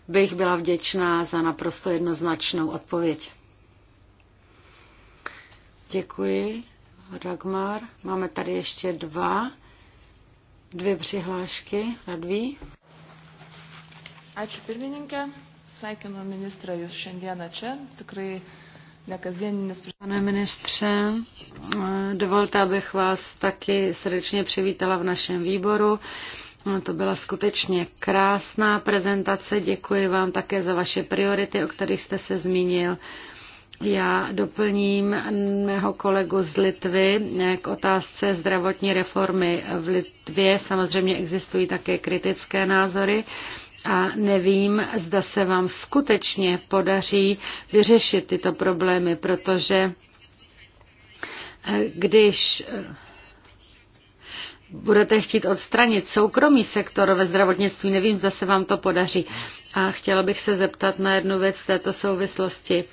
bych byla vděčná za naprosto jednoznačnou odpověď. Děkuji, Ragmar. Máme tady ještě dva, dvě přihlášky. Radví. Ačiū pirmininkė, sveikinu ministrą jūs šiandieną čia. Tikrai Pane ministře, dovolte, abych vás taky srdečně přivítala v našem výboru. No, to byla skutečně krásná prezentace. Děkuji vám také za vaše priority, o kterých jste se zmínil. Já doplním mého kolegu z Litvy eh, k otázce zdravotní reformy v Litvě. Samozřejmě existují také kritické názory a nevím, zda se vám skutečně podaří vyřešit tyto problémy, protože eh, když eh, budete chtít odstranit soukromý sektor ve zdravotnictví, nevím, zda se vám to podaří. A chtěla bych se zeptat na jednu věc v této souvislosti.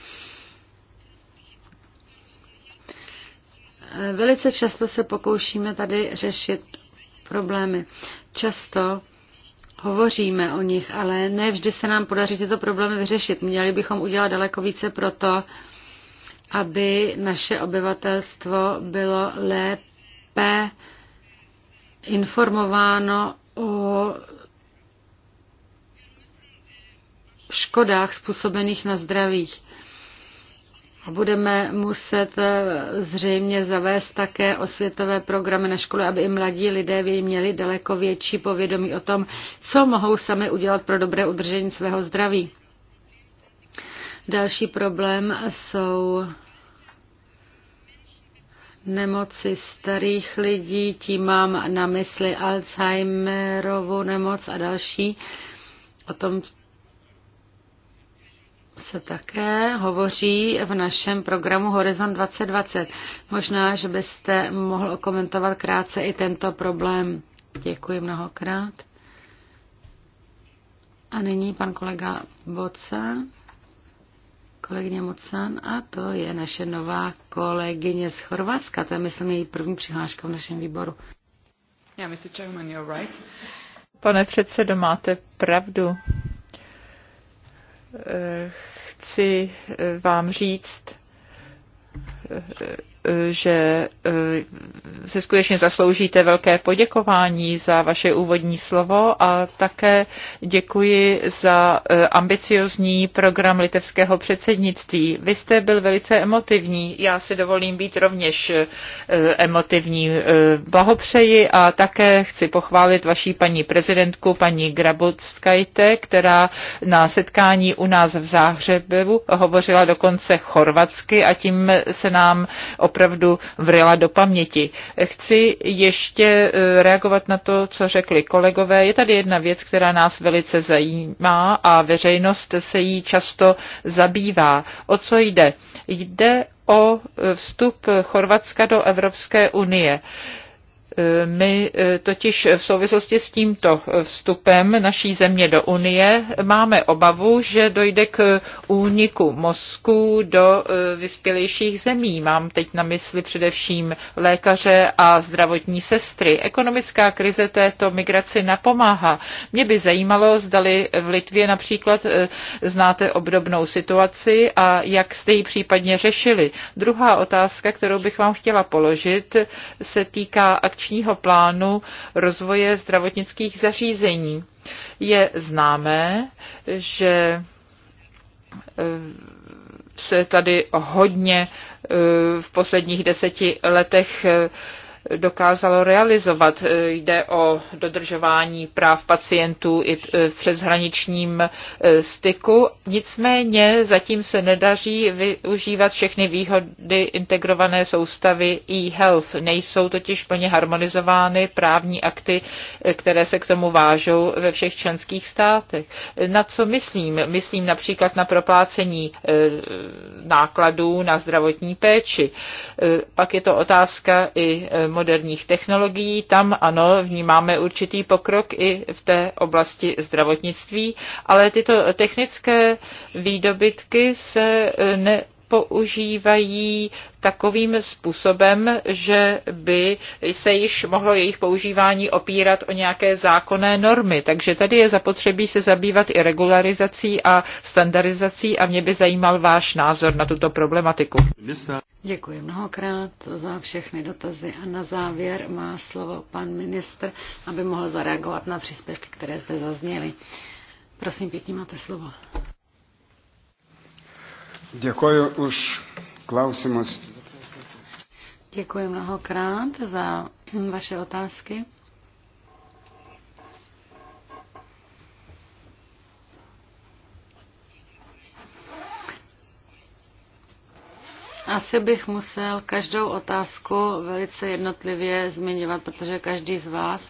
Velice často se pokoušíme tady řešit problémy. Často hovoříme o nich, ale ne vždy se nám podaří tyto problémy vyřešit. Měli bychom udělat daleko více proto, aby naše obyvatelstvo bylo lépe informováno o škodách způsobených na zdravích. A budeme muset eh, zřejmě zavést také osvětové programy na škole, aby i mladí lidé měli daleko větší povědomí o tom, co mohou sami udělat pro dobré udržení svého zdraví. Další problém jsou nemoci starých lidí, tím mám na mysli Alzheimerovu nemoc a další. O tom se také hovoří v našem programu Horizon 2020. Možná, že byste mohl komentovat krátce i tento problém. Děkuji mnohokrát. A nyní pan kolega Boca kolegyně Mocan a to je naše nová kolegyně z Chorvatska. To je, myslím, její první přihláška v našem výboru. Yeah, Mr. Chairman, you're right. Pane předsedo, máte pravdu. Eh, chci eh, vám říct, eh, že eh, se skutečně zasloužíte velké poděkování za vaše úvodní slovo a také děkuji za eh, ambiciozní program litevského předsednictví. Vy jste byl velice emotivní, já si dovolím být rovněž eh, emotivní. Blahopřeji a také chci pochválit vaší paní prezidentku, paní Grabotskajte, která na setkání u nás v Záhřebu hovořila dokonce chorvatsky a tím se nám opravdu vryla do paměti. Chci ještě eh, reagovat na to, co řekli kolegové. Je tady jedna věc, která nás velice zajímá a veřejnost se jí často zabývá. O co jde? Jde o eh, vstup Chorvatska do Evropské unie. My e, totiž v souvislosti s tímto vstupem naší země do Unie máme obavu, že dojde k úniku mozku do e, vyspělejších zemí. Mám teď na mysli především lékaře a zdravotní sestry. Ekonomická krize této migraci napomáhá. Mě by zajímalo, zdali v Litvě například e, znáte obdobnou situaci a jak jste ji případně řešili. Druhá otázka, kterou bych vám chtěla položit, se týká akční akčního plánu rozvoje zdravotnických zařízení. Je známé, že e, se tady hodně e, v posledních deseti letech e, dokázalo realizovat. E, jde o dodržování práv pacientů i e, v přeshraničním e, styku. Nicméně zatím se nedaří využívat všechny výhody integrované soustavy e-health. Nejsou totiž plně harmonizovány právní akty, které se k tomu vážou ve všech členských státech. Na co myslím? Myslím například na proplácení nákladů na zdravotní péči. Pak je to otázka i moderních technologií. Tam ano, vnímáme určitý pokrok i v té oblasti zdravotnictví, ale tyto technické výdobytky se e, ne používají takovým způsobem, že by se již mohlo jejich používání opírat o nějaké zákonné normy. Takže tady je zapotřebí se zabývat i regularizací a standardizací a mě by zajímal váš názor na tuto problematiku. Děkuji mnohokrát za všechny dotazy a na závěr má slovo pan ministr, aby mohl zareagovat na příspěvky, které zde zazněly. Prosím, pěkně máte slovo. Děkuji už klausimus. Děkuji mnohokrát za vaše otázky. Asi bych musel každou otázku velice jednotlivě zmiňovat, protože každý z vás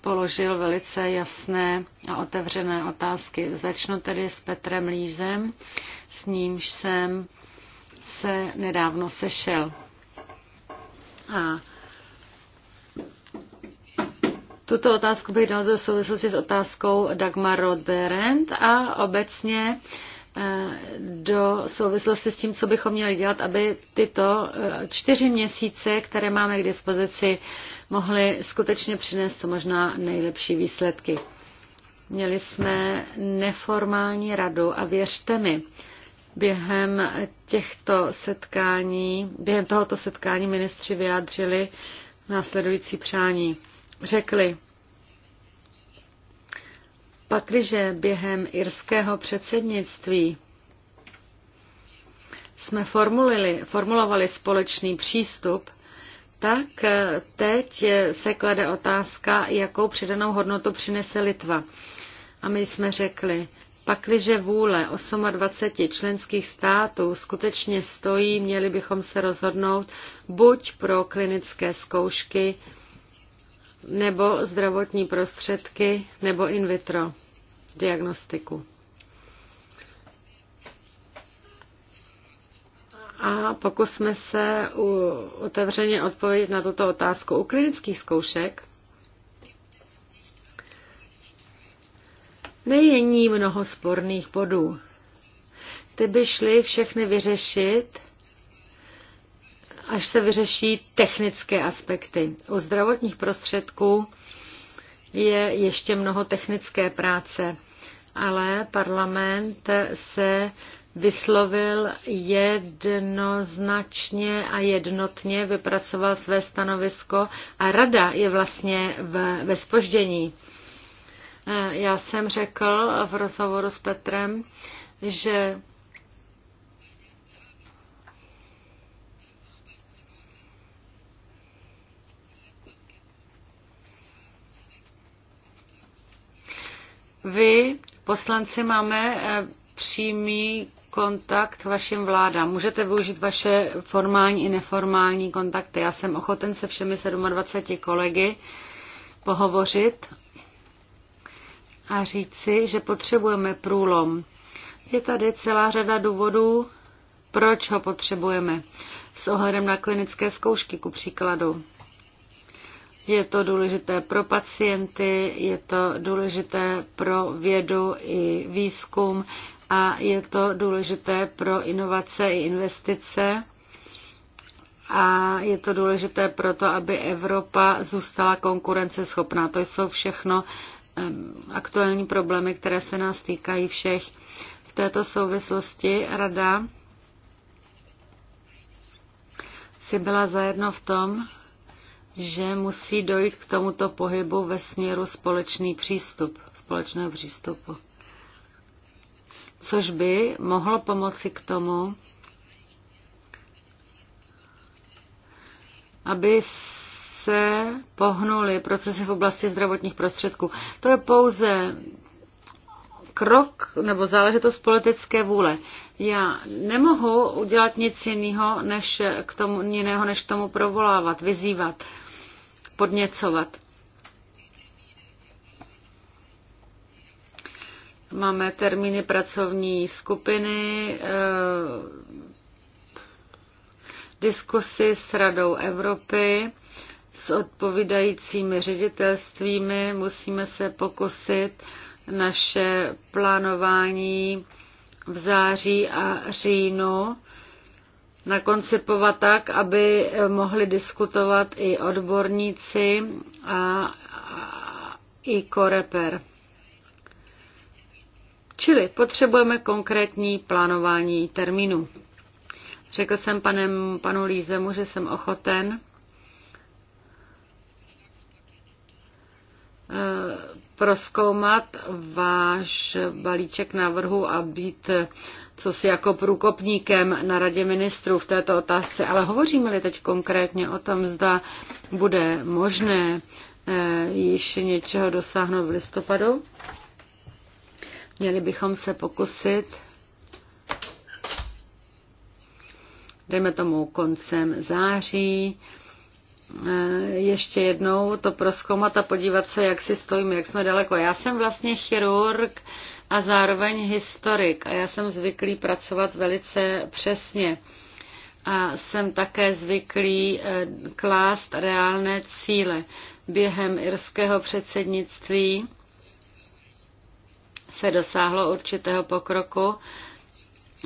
položil velice jasné a otevřené otázky. Začnu tedy s Petrem Lízem, s nímž jsem se nedávno sešel. A tuto otázku bych dal ze souvislosti s otázkou Dagmar Rodberend a obecně uh, do souvislosti s tím, co bychom měli dělat, aby tyto eh, čtyři měsíce, které máme k dispozici, mohly skutečně přinést co možná nejlepší výsledky. Měli jsme neformální radu a věřte mi, během těchto setkání, během tohoto setkání ministři vyjádřili následující přání. Řekli, Pakliže během irského předsednictví jsme formulovali společný přístup, tak eh, teď eh, se klade otázka, jakou přidanou hodnotu přinese Litva. A my jsme řekli, pakliže vůle 28 členských států skutečně stojí, měli bychom se rozhodnout buď pro klinické zkoušky, nebo zdravotní prostředky nebo in vitro diagnostiku. A pokusme se u, otevřeně odpovědět na tuto otázku. U klinických zkoušek nejení mnoho sporných bodů. Ty by šly všechny vyřešit až se vyřeší technické aspekty. U zdravotních prostředků je ještě mnoho technické práce, ale parlament se vyslovil jednoznačně a jednotně, vypracoval své stanovisko a rada je vlastně v, ve spoždění. Já jsem řekl v rozhovoru s Petrem, že Vy, poslanci, máme eh, přímý kontakt vašim vládám. Můžete využít vaše formální i neformální kontakty. Já jsem ochoten se všemi 27 kolegy pohovořit a říci, že potřebujeme průlom. Je tady celá řada důvodů, proč ho potřebujeme. S ohledem na klinické zkoušky, ku příkladu. Je to důležité pro pacienty, je to důležité pro vědu i výzkum a je to důležité pro inovace i investice. A je to důležité proto, aby Evropa zůstala konkurenceschopná. To jsou všechno aktuální problémy, které se nás týkají všech. V této souvislosti Rada si byla zajedno v tom, že musí dojít k tomuto pohybu ve směru společný přístup, společného přístupu. Což by mohlo pomoci k tomu, aby se pohnuly procesy v oblasti zdravotních prostředků. To je pouze krok nebo záležitost politické vůle. Já nemohu udělat nic jiného, než k tomu, jiného, než tomu provolávat, vyzývat. Uh, podněcovat. Máme termíny pracovní skupiny, eh, diskusy s Radou Evropy, s odpovídajícími ředitelstvími. Musíme se pokusit naše plánování v září a říjnu nakoncipovat tak, aby eh, mohli diskutovat i odborníci a, a i koreper. Čili potřebujeme konkrétní plánování termínu. Řekl jsem panem, panu Lízemu, že jsem ochoten eh, proskoumat váš balíček návrhu a být co si jako průkopníkem na radě ministrů v této otázce, ale hovoříme-li teď konkrétně o tom, zda bude možné eh, již něčeho dosáhnout v listopadu, měli bychom se pokusit dejme tomu koncem září, E, ještě jednou to proskoumat a podívat se, jak si stojíme, jak jsme daleko. Já jsem vlastně chirurg a zároveň historik a já jsem zvyklý pracovat velice přesně. A jsem také zvyklý e, klást reálné cíle. Během irského předsednictví se dosáhlo určitého pokroku.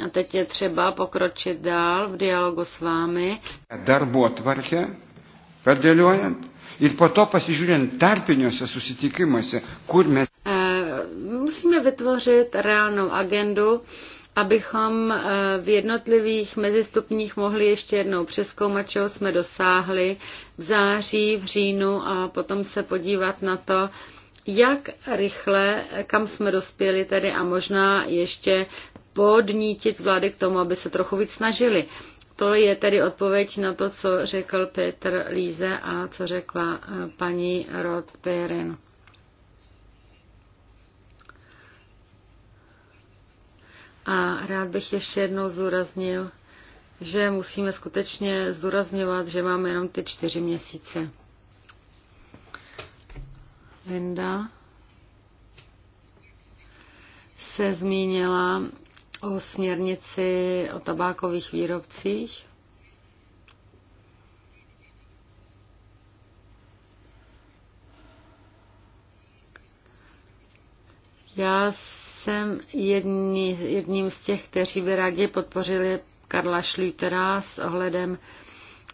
A teď je třeba pokročit dál v dialogu s vámi. Darbot perdėliuojant ir po to pasižiūrint tarpiniuose susitikimuose, kur mes. E, musíme vytvořit reálnou agendu, abychom e, v jednotlivých mezistupních mohli ještě jednou přeskoumat, čeho jsme dosáhli v září, v říjnu a potom se podívat na to, jak rychle, kam jsme dospěli tedy a možná ještě podnítit vlády k tomu, aby se trochu víc snažili. To je tedy odpověď na to, co řekl Petr Líze a co řekla eh, paní Rod Perin. A rád bych ještě jednou zdůraznil, že musíme skutečně zdůrazňovat, že máme jenom ty čtyři měsíce. Linda se zmínila o směrnici o tabákových výrobcích. Já jsem jedni, jedním z těch, kteří by rádi podpořili Karla Schlütera s ohledem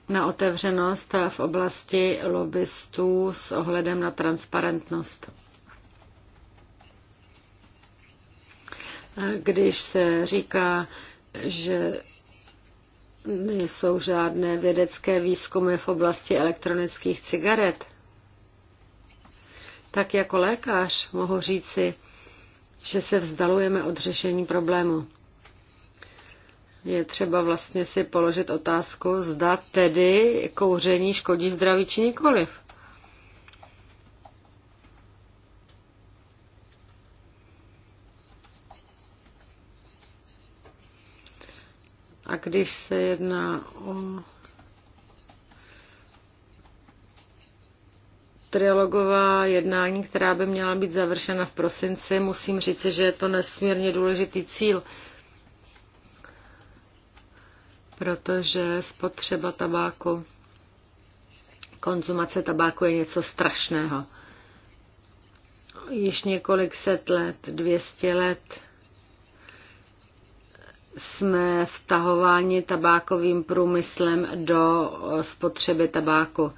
na otevřenost v oblasti lobbystů s ohledem na transparentnost. když se říká, že nejsou žádné vědecké výzkumy v oblasti elektronických cigaret, tak jako lékař mohu říci, že se vzdalujeme od řešení problému. Je třeba vlastně si položit otázku, zda tedy kouření škodí zdraví či nikoliv. když se jedná o trialogová jednání, která by měla být završena v prosinci, musím říct, že je to nesmírně důležitý cíl, protože spotřeba tabáku, konzumace tabáku je něco strašného. Již několik set let, 200 let jsme vtahováni tabákovým průmyslem do spotřeby tabáku.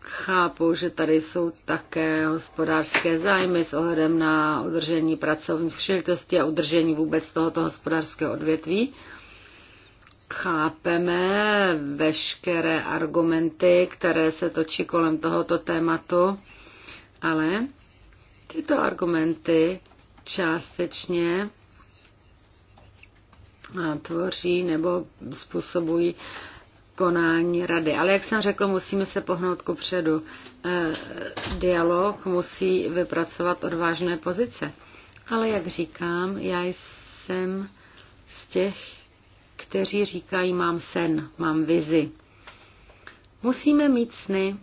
Chápu, že tady jsou také hospodářské zájmy s ohledem na udržení pracovních příležitostí a udržení vůbec tohoto hospodářského odvětví chápeme veškeré argumenty, které se točí kolem tohoto tématu, ale tyto argumenty částečně tvoří nebo způsobují konání rady. Ale jak jsem řekl, musíme se pohnout ku předu. E, dialog musí vypracovat odvážné pozice. Ale jak říkám, já jsem z těch, kteří říkají, mám sen, mám vizi. Musíme mít sny,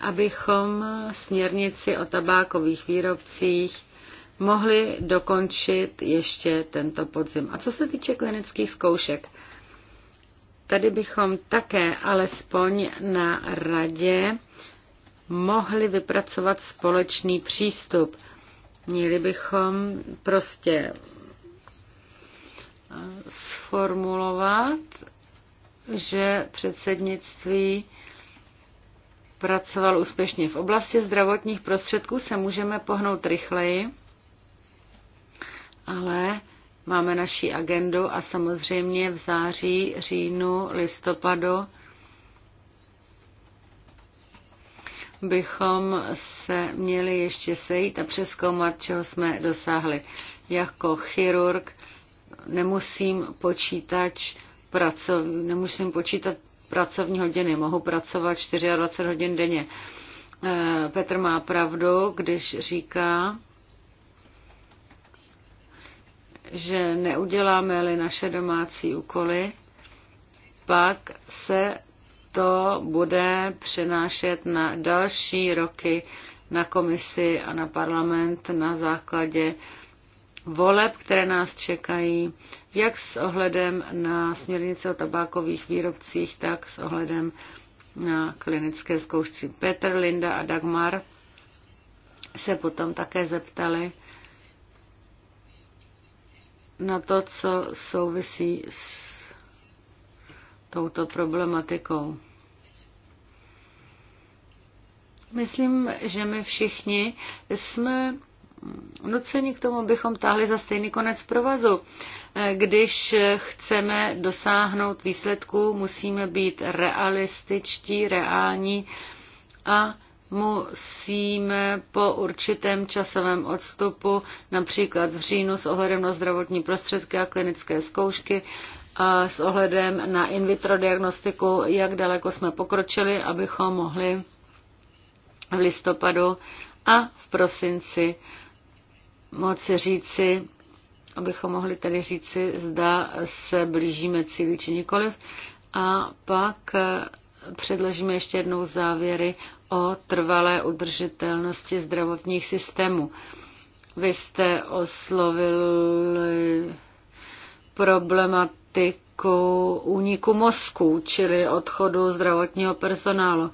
abychom směrnici o tabákových výrobcích mohli dokončit ještě tento podzim. A co se týče klinických zkoušek, tady bychom také alespoň na radě mohli vypracovat společný přístup. Měli bychom prostě eh, sformulovat, že předsednictví pracoval úspěšně v oblasti zdravotních prostředků, se můžeme pohnout rychleji ale máme naši agendu a samozřejmě v září, říjnu, listopadu bychom se měli ještě sejít a přeskoumat, čeho jsme dosáhli. Jako chirurg nemusím počítač pracov, nemusím počítat pracovní hodiny, mohu pracovat 24 hodin denně. Eh, Petr má pravdu, když říká, že neuděláme-li naše domácí úkoly, pak se to bude přenášet na další roky na komisi a na parlament na základě voleb, které nás čekají, jak s ohledem na směrnice o tabákových výrobcích, tak s ohledem na klinické zkoušky. Petr, Linda a Dagmar se potom také zeptali, na to, co souvisí s touto problematikou. Myslím, že my všichni jsme nuceni k tomu, abychom táhli za stejný konec provazu. Když chceme dosáhnout výsledků, musíme být realističtí, reální a musíme po určitém časovém odstupu, například v říjnu s ohledem na zdravotní prostředky a klinické zkoušky, a s ohledem na in vitro diagnostiku, jak daleko jsme pokročili, abychom mohli v listopadu a v prosinci moci říci, abychom mohli tedy říci, zda se blížíme cíli či nikoliv. A pak předložíme ještě jednou závěry o trvalé udržitelnosti zdravotních systémů. Vy jste oslovil problematiku úniku mozku, čili odchodu zdravotního personálu.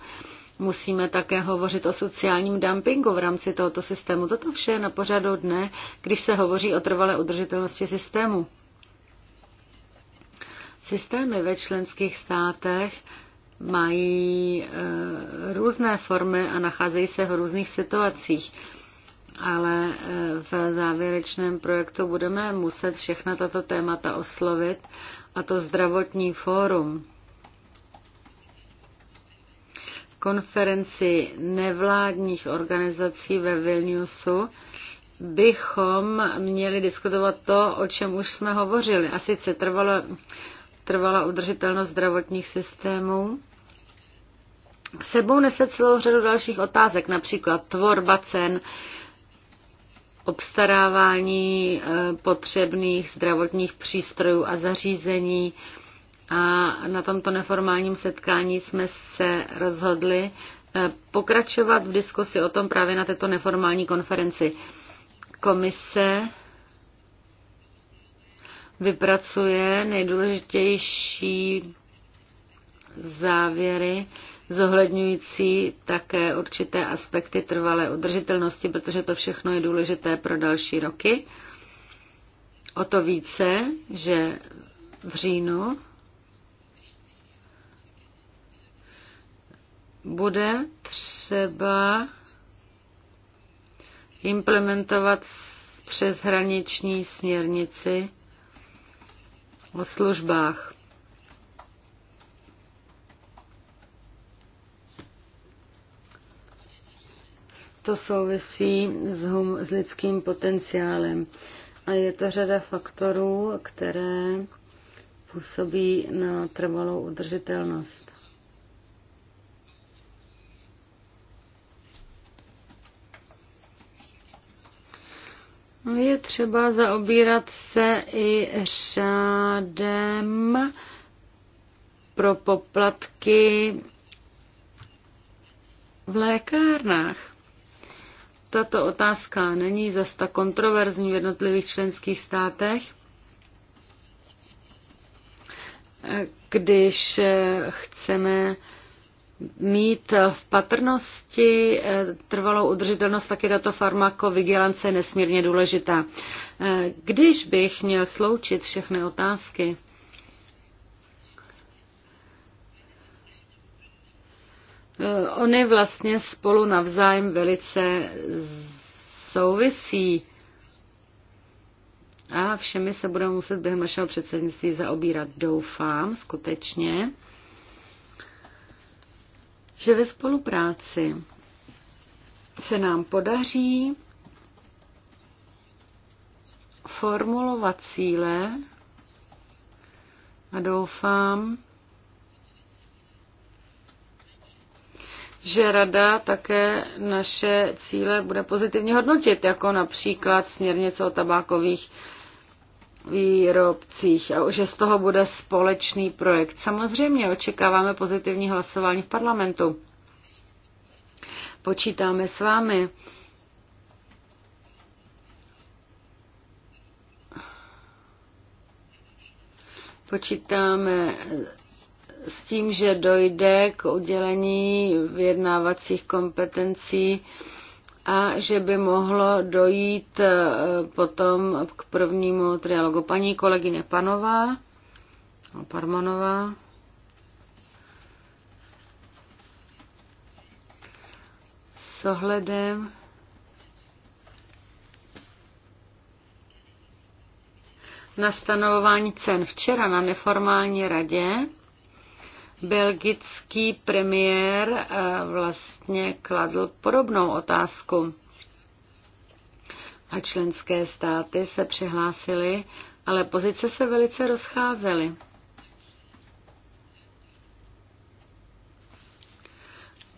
Musíme také hovořit o sociálním dumpingu v rámci tohoto systému. Toto vše je na pořadu dne, když se hovoří o trvalé udržitelnosti systému. Systémy ve členských státech mají eh, různé formy a nacházejí se v různých situacích. Ale eh, v závěrečném projektu budeme muset všechna tato témata oslovit a to zdravotní fórum. konferenci nevládních organizací ve Vilniusu bychom měli diskutovat to, o čem už jsme hovořili. A sice trvalo, trvala udržitelnost zdravotních systémů sebou nese celou řadu dalších otázek, například tvorba cen, obstarávání eh, potřebných zdravotních přístrojů a zařízení. A na tomto neformálním setkání jsme se rozhodli eh, pokračovat v diskusi o tom právě na této neformální konferenci. Komise vypracuje nejdůležitější závěry zohledňující také určité aspekty trvalé udržitelnosti, protože to všechno je důležité pro další roky. O to více, že v říjnu bude třeba implementovat přeshraniční směrnici o službách. to souvisí s, hum, s lidským potenciálem. A je to řada faktorů, které působí na trvalou udržitelnost. Je třeba zaobírat se i řádem pro poplatky v lékárnách tato otázka není zas tak kontroverzní v jednotlivých členských státech, když chceme mít v patrnosti eh, trvalou udržitelnost, tak je tato farmakovigilance nesmírně důležitá. Eh, když bych měl sloučit všechny otázky, Eh, Ony vlastně spolu navzájem velice souvisí a všemi se budeme muset během našeho předsednictví zaobírat. Doufám skutečně, že ve spolupráci se nám podaří formulovat cíle a doufám, že rada také naše cíle bude pozitivně hodnotit, jako například směrnice o tabákových výrobcích a že z toho bude společný projekt. Samozřejmě očekáváme pozitivní hlasování v parlamentu. Počítáme s vámi. Počítáme s tím, že dojde k udělení vyjednávacích kompetencí a že by mohlo dojít e, potom k prvnímu trialogu. Paní kolegyně Panová, no, Parmanová. S ohledem na stanovování cen včera na neformální radě Belgický premiér eh, vlastně kladl podobnou otázku. A členské státy se přihlásily, ale pozice se velice rozcházely.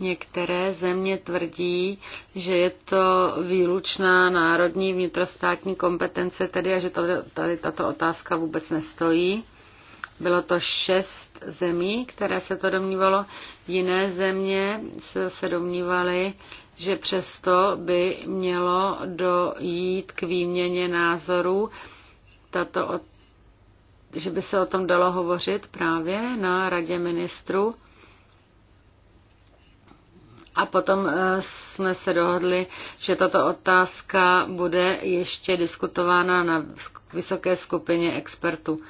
Některé země tvrdí, že je to výlučná národní vnitrostátní kompetence, tedy a že tady tato otázka vůbec nestojí. Bylo to šest zemí, které se to domnívalo. Jiné země se, se domnívaly, že přesto by mělo dojít k výměně názorů. Tato, že by se o tom dalo hovořit právě na radě ministrů. A potom eh, jsme se dohodli, že tato otázka bude ještě diskutována na vysoké skupině expertů.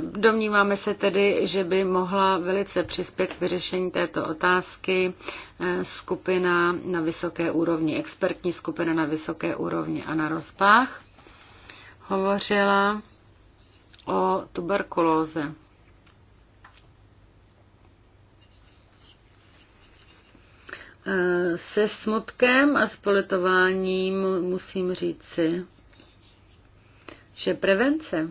Domníváme se tedy, že by mohla velice přispět k vyřešení této otázky eh, skupina na vysoké úrovni, expertní skupina na vysoké úrovni a na rozpách. Hovořila o tuberkulóze. Eh, se smutkem a s musím říci, že prevence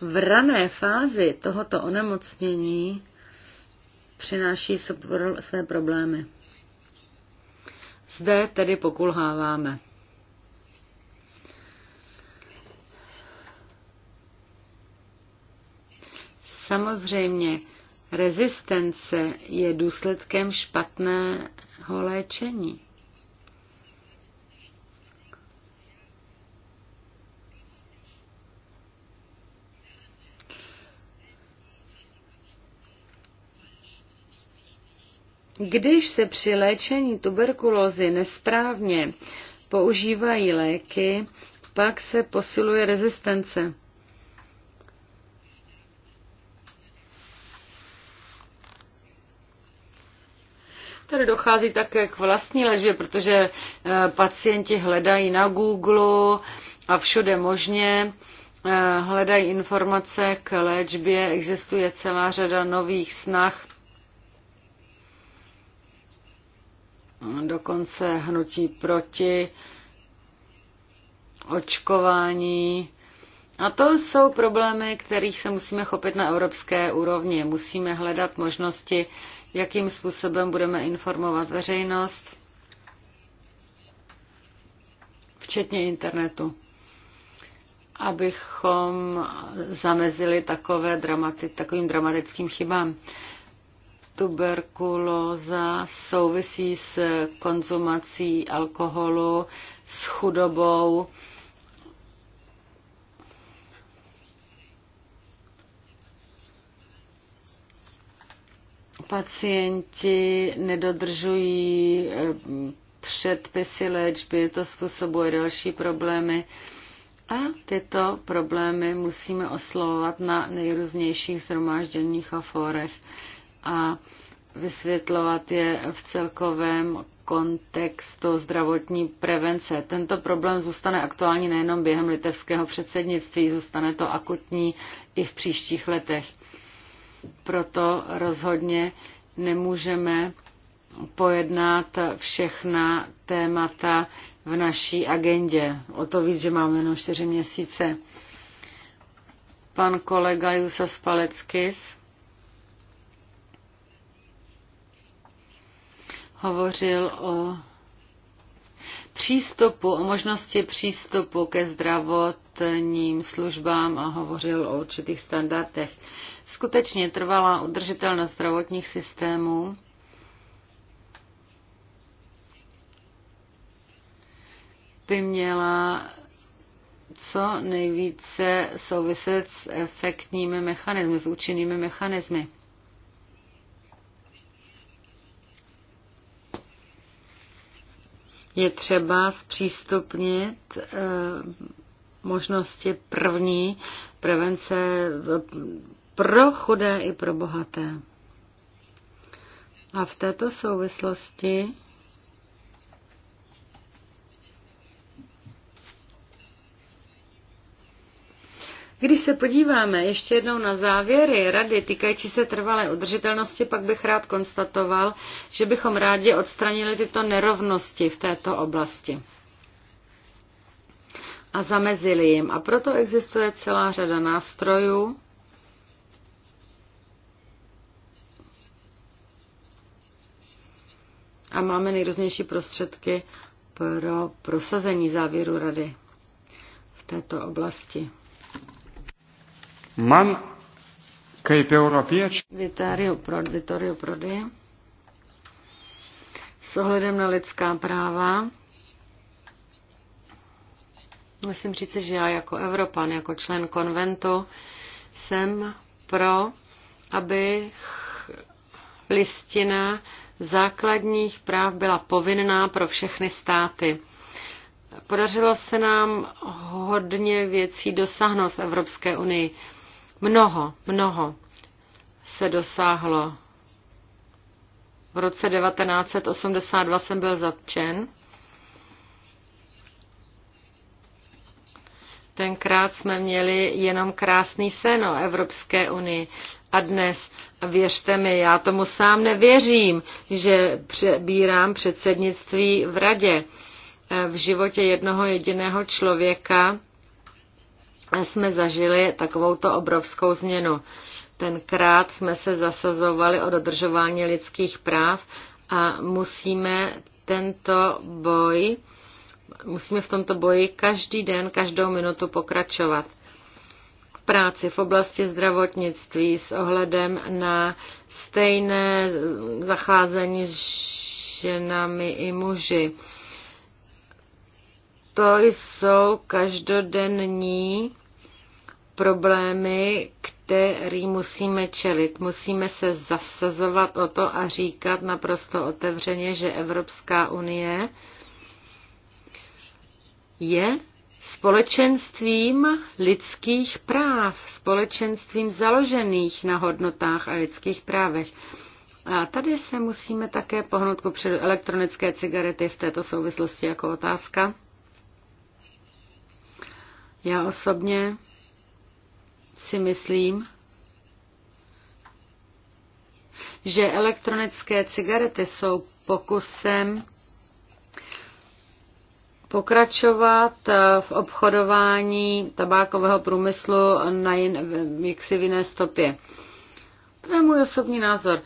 v rané fázi tohoto onemocnění přináší své problémy. Zde tedy pokulháváme. Samozřejmě, rezistence je důsledkem špatného léčení. Když se při léčení tuberkulózy nesprávně používají léky, pak se posiluje rezistence. Tady dochází také k vlastní léčbě, protože eh, pacienti hledají na Google a všude možně eh, hledají informace k léčbě. Existuje celá řada nových snah dokonce hnutí proti očkování. A to jsou problémy, kterých se musíme chopit na evropské úrovni. Musíme hledat možnosti, jakým způsobem budeme informovat veřejnost, včetně internetu, abychom zamezili takové dramaty, takovým dramatickým chybám. Tuberkulóza souvisí s konzumací alkoholu, s chudobou. Pacienti nedodržují eh, předpisy léčby, to způsobuje další problémy. A tyto problémy musíme oslovovat na nejrůznějších zhromážděních a fórech a vysvětlovat je v celkovém kontextu zdravotní prevence. Tento problém zůstane aktuální nejenom během litevského předsednictví, zůstane to akutní i v příštích letech. Proto rozhodně nemůžeme pojednat všechna témata v naší agendě. O to víc, že máme jenom čtyři měsíce. Pan kolega Jusas Paleckis hovořil o přístupu, o možnosti přístupu ke zdravotním službám a hovořil o určitých standardech. Skutečně trvalá udržitelnost zdravotních systémů by měla co nejvíce souviset s efektními mechanizmy, s účinnými mechanizmy. je třeba zpřístupnit eh, možnosti první prevence eh, pro chudé i pro bohaté. A v této souvislosti Když se podíváme ještě jednou na závěry rady týkající se trvalé udržitelnosti, pak bych rád konstatoval, že bychom rádi odstranili tyto nerovnosti v této oblasti a zamezili jim. A proto existuje celá řada nástrojů, a máme nejrůznější prostředky pro prosazení závěru rady v této oblasti. Man kaip europiečiai. Vittorio Prodi, Vittorio Prodi. S ohledem na lidská práva musím říct, že já jako Evropan, jako člen konventu jsem pro, aby listina základních práv byla povinná pro všechny státy. Podařilo se nám hodně věcí dosáhnout v Evropské unii. Mnoho, mnoho se dosáhlo. V roce 1982 jsem byl zatčen. Tenkrát jsme měli jenom krásný sen o Evropské unii. A dnes, věřte mi, já tomu sám nevěřím, že přebírám předsednictví v radě. V životě jednoho jediného člověka jsme zažili takovouto obrovskou změnu. Tenkrát jsme se zasazovali o dodržování lidských práv a musíme tento boj, musíme v tomto boji každý den, každou minutu pokračovat. V práci v oblasti zdravotnictví s ohledem na stejné zacházení s ženami i muži. To jsou každodenní problémy, který musíme čelit. Musíme se zasazovat o to a říkat naprosto otevřeně, že Evropská unie je společenstvím lidských práv, společenstvím založených na hodnotách a lidských právech. A tady se musíme také pohnout ku předu elektronické cigarety v této souvislosti jako otázka. Já osobně si myslím, že elektronické cigarety jsou pokusem pokračovat eh, v obchodování tabákového průmyslu na jin, jaksi v jiné stopě. To je můj osobní názor.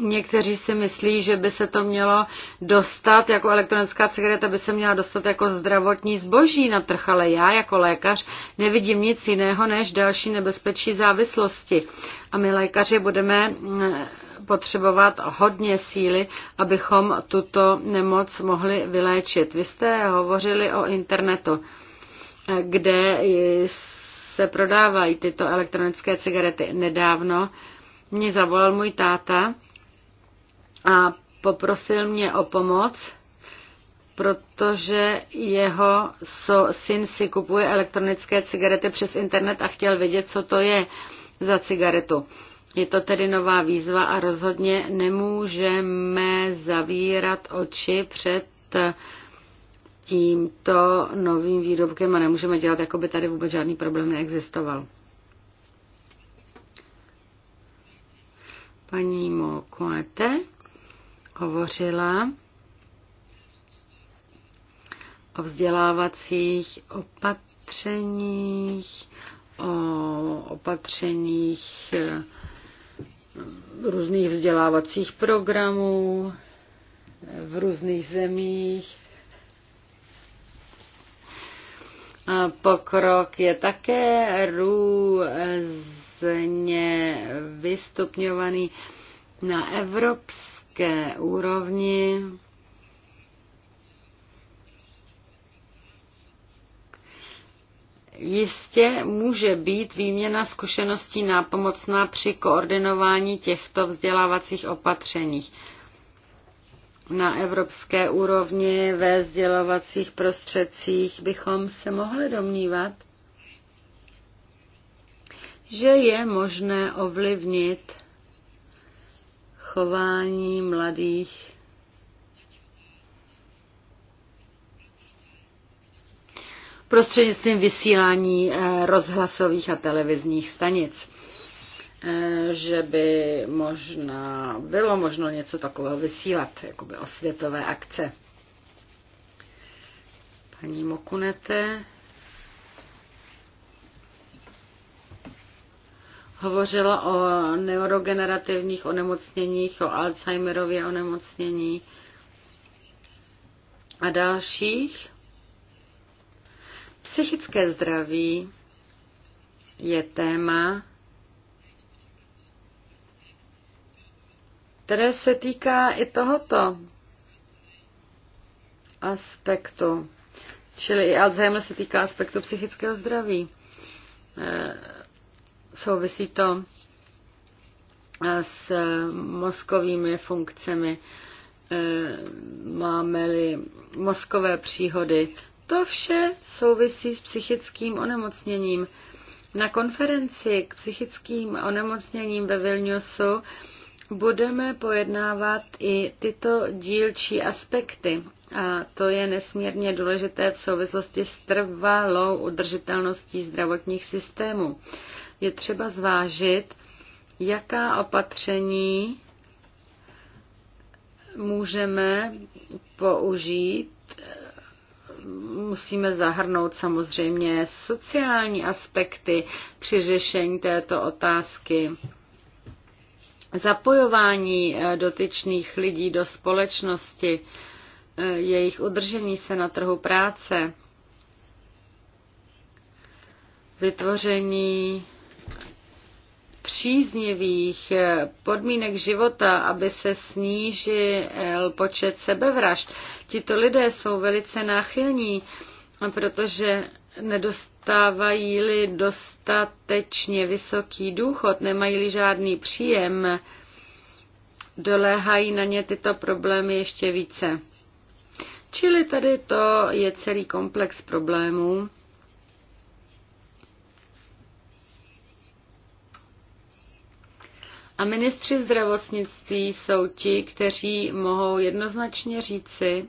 Někteří si myslí, že by se to mělo dostat, jako elektronická cigareta by se měla dostat jako zdravotní zboží na trh, ale já jako lékař nevidím nic jiného než další nebezpečí závislosti. A my lékaři budeme eh, potřebovat hodně síly, abychom tuto nemoc mohli vyléčit. Vy jste hovořili o internetu, eh, kde se prodávají tyto elektronické cigarety. Nedávno mě zavolal můj táta, a poprosil mě o pomoc, protože jeho so, syn si kupuje elektronické cigarety přes internet a chtěl vědět, co to je za cigaretu. Je to tedy nová výzva a rozhodně nemůžeme zavírat oči před tímto novým výrobkem a nemůžeme dělat, jako by tady vůbec žádný problém neexistoval. Paní Mokoete hovořila o vzdělávacích opatřeních, o opatřeních eh, různých vzdělávacích programů eh, v různých zemích. A pokrok je také různě vystupňovaný na evropské evropské úrovni Jistě může být výměna zkušeností nápomocná při koordinování těchto vzdělávacích opatření. na evropské úrovni ve sdělovacích prostředcích bychom se mohli domnívat, že je možné ovlivnit chování mladých prostřednictvím vysílání eh, rozhlasových a televizních stanic eh, že by možná bylo možno něco takového vysílat, jako by osvětové akce. Paní Mokunete, hovořila o neurogenerativních onemocněních, o Alzheimerově onemocnění a dalších. Psychické zdraví je téma, které se týká i tohoto aspektu. Čili i Alzheimer se týká aspektu psychického zdraví eh, Souvisí to eh, s mozkovými funkcemi. Eh, máme-li mozkové příhody, to vše souvisí s psychickým onemocněním. Na konferenci k psychickým onemocněním ve Vilniusu budeme pojednávat i tyto dílčí aspekty. A to je nesmírně důležité v souvislosti s trvalou udržitelností zdravotních systémů je třeba zvážit, jaká opatření můžeme použít. Musíme zahrnout samozřejmě sociální aspekty při řešení této otázky. Zapojování eh, dotyčných lidí do společnosti, eh, jejich udržení se na trhu práce, vytvoření příznivých eh, podmínek života, aby se snížil počet sebevražd. Tito lidé jsou velice náchylní, protože nedostávají-li dostatečně vysoký důchod, nemají-li žádný příjem, doléhají na ně tyto problémy ještě více. Čili tady to je celý komplex problémů A ministři zdravotnictví jsou ti, kteří mohou jednoznačně říci,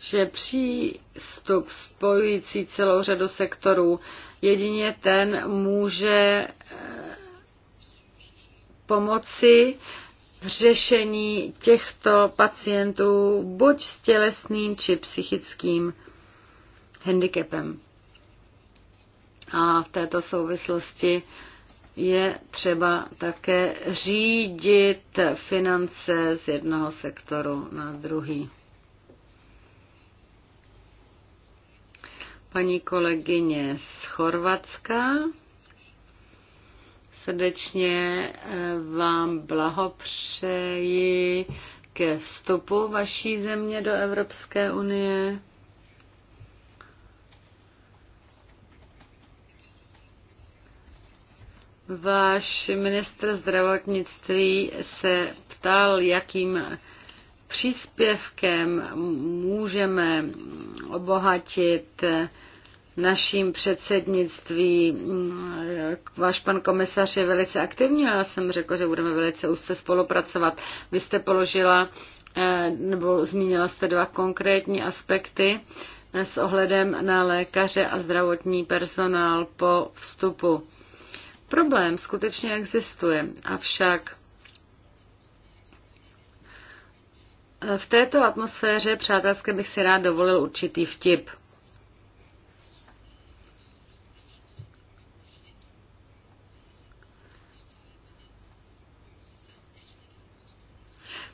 že přístup spojující celou řadu sektorů, jedině ten může eh, pomoci v řešení těchto pacientů buď s tělesným či psychickým handicapem. A v této souvislosti je třeba také řídit finance z jednoho sektoru na druhý. Paní kolegyně z Chorvatska, srdečně eh, vám blahopřeji ke vstupu vaší země do Evropské unie. Váš ministr zdravotnictví se ptal, jakým příspěvkem můžeme obohatit naším předsednictví. Váš pan komisař je velice aktivní a já jsem řekl, že budeme velice úzce spolupracovat. Vy jste položila eh, nebo zmínila jste dva konkrétní aspekty eh, s ohledem na lékaře a zdravotní personál po vstupu Problém skutečně existuje, avšak eh, v této atmosféře přátelské bych si rád dovolil určitý vtip.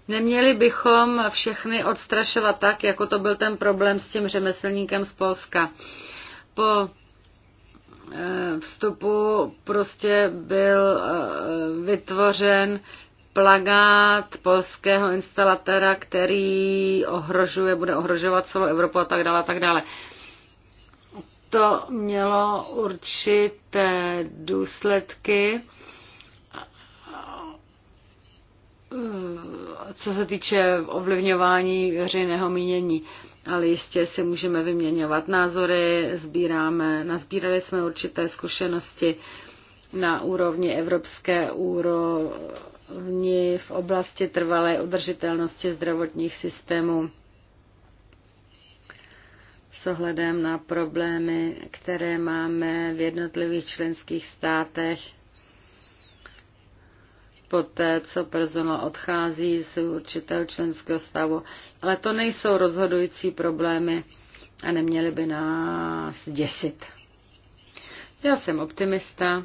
Neměli bychom všechny odstrašovat tak, jako to byl ten problém s tím řemeslníkem z Polska. Po Eh, vstupu prostě byl eh, vytvořen plagát polského instalatéra, který ohrožuje, bude ohrožovat celou Evropu a tak dále, a tak dále. To mělo určité důsledky, eh, co se týče ovlivňování veřejného mínění ale jistě si můžeme vyměňovat názory, sbíráme, nazbírali jsme určité zkušenosti na úrovni evropské úrovni v oblasti trvalé udržitelnosti zdravotních systémů s ohledem na problémy, které máme v jednotlivých členských státech poté, co personál odchází z určitého členského stavu. Ale to nejsou rozhodující problémy a neměly by nás děsit. Já jsem optimista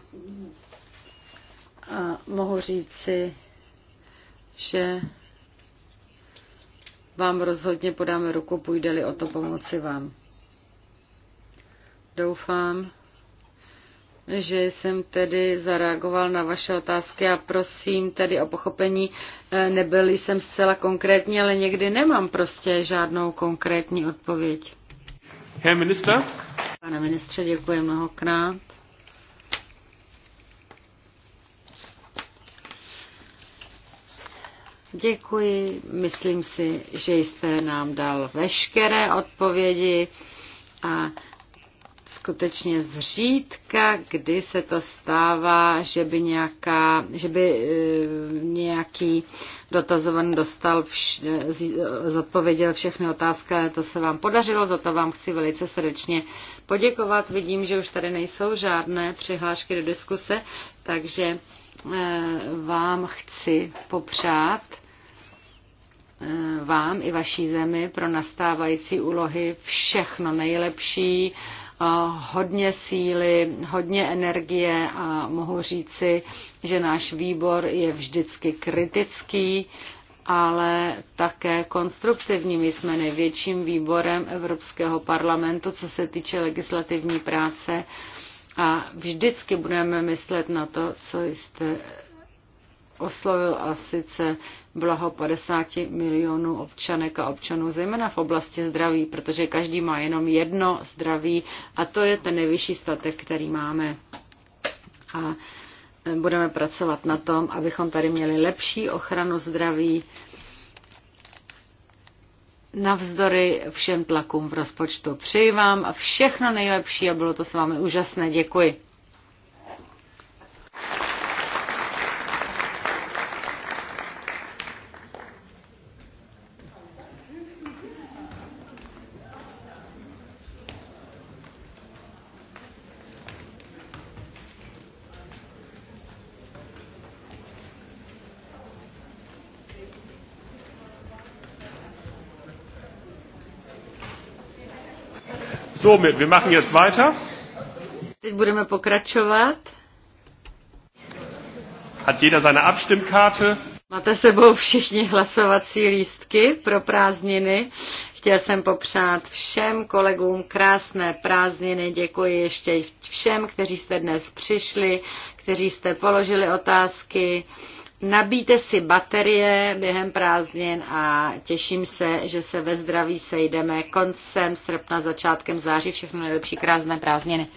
a mohu říci, že vám rozhodně podáme ruku, půjde-li o to pomoci vám. Doufám, že jsem tedy zareagoval na vaše otázky a prosím tedy o pochopení. E, nebyl jsem zcela konkrétní, ale někdy nemám prostě žádnou konkrétní odpověď. Herr minister. Pane ministře, děkuji mnohokrát. Děkuji. Myslím si, že jste nám dal veškeré odpovědi a skutečně zřídka, kdy se to stává, že by, nějaká, že by e, nějaký dotazovaný dostal, vš, e, zodpověděl všechny otázky, to se vám podařilo, za to vám chci velice srdečně poděkovat. Vidím, že už tady nejsou žádné přihlášky do diskuse, takže e, vám chci popřát vám i vaší zemi pro nastávající úlohy všechno nejlepší hodně síly, hodně energie a mohu říci, že náš výbor je vždycky kritický, ale také konstruktivní. My jsme největším výborem Evropského parlamentu, co se týče legislativní práce a vždycky budeme myslet na to, co jste oslovil a sice blaho 50 milionů občanek a občanů, zejména v oblasti zdraví, protože každý má jenom jedno zdraví a to je ten nejvyšší statek, který máme. A e, budeme pracovat na tom, abychom tady měli lepší ochranu zdraví navzdory všem tlakům v rozpočtu. Přeji vám všechno nejlepší a bylo to s vámi úžasné. Děkuji. Somit, wir machen jetzt weiter. Teď budeme pokračovat. Hat jeder seine Abstimmkarte? Máte sebou všichni hlasovací lístky pro prázdniny. Chtěl jsem popřát všem kolegům krásné prázdniny. Děkuji ještě všem, kteří jste dnes přišli, kteří jste položili otázky nabíte si baterie během prázdnin a těším se, že se ve zdraví sejdeme koncem srpna, začátkem září. Všechno nejlepší, krásné prázdniny.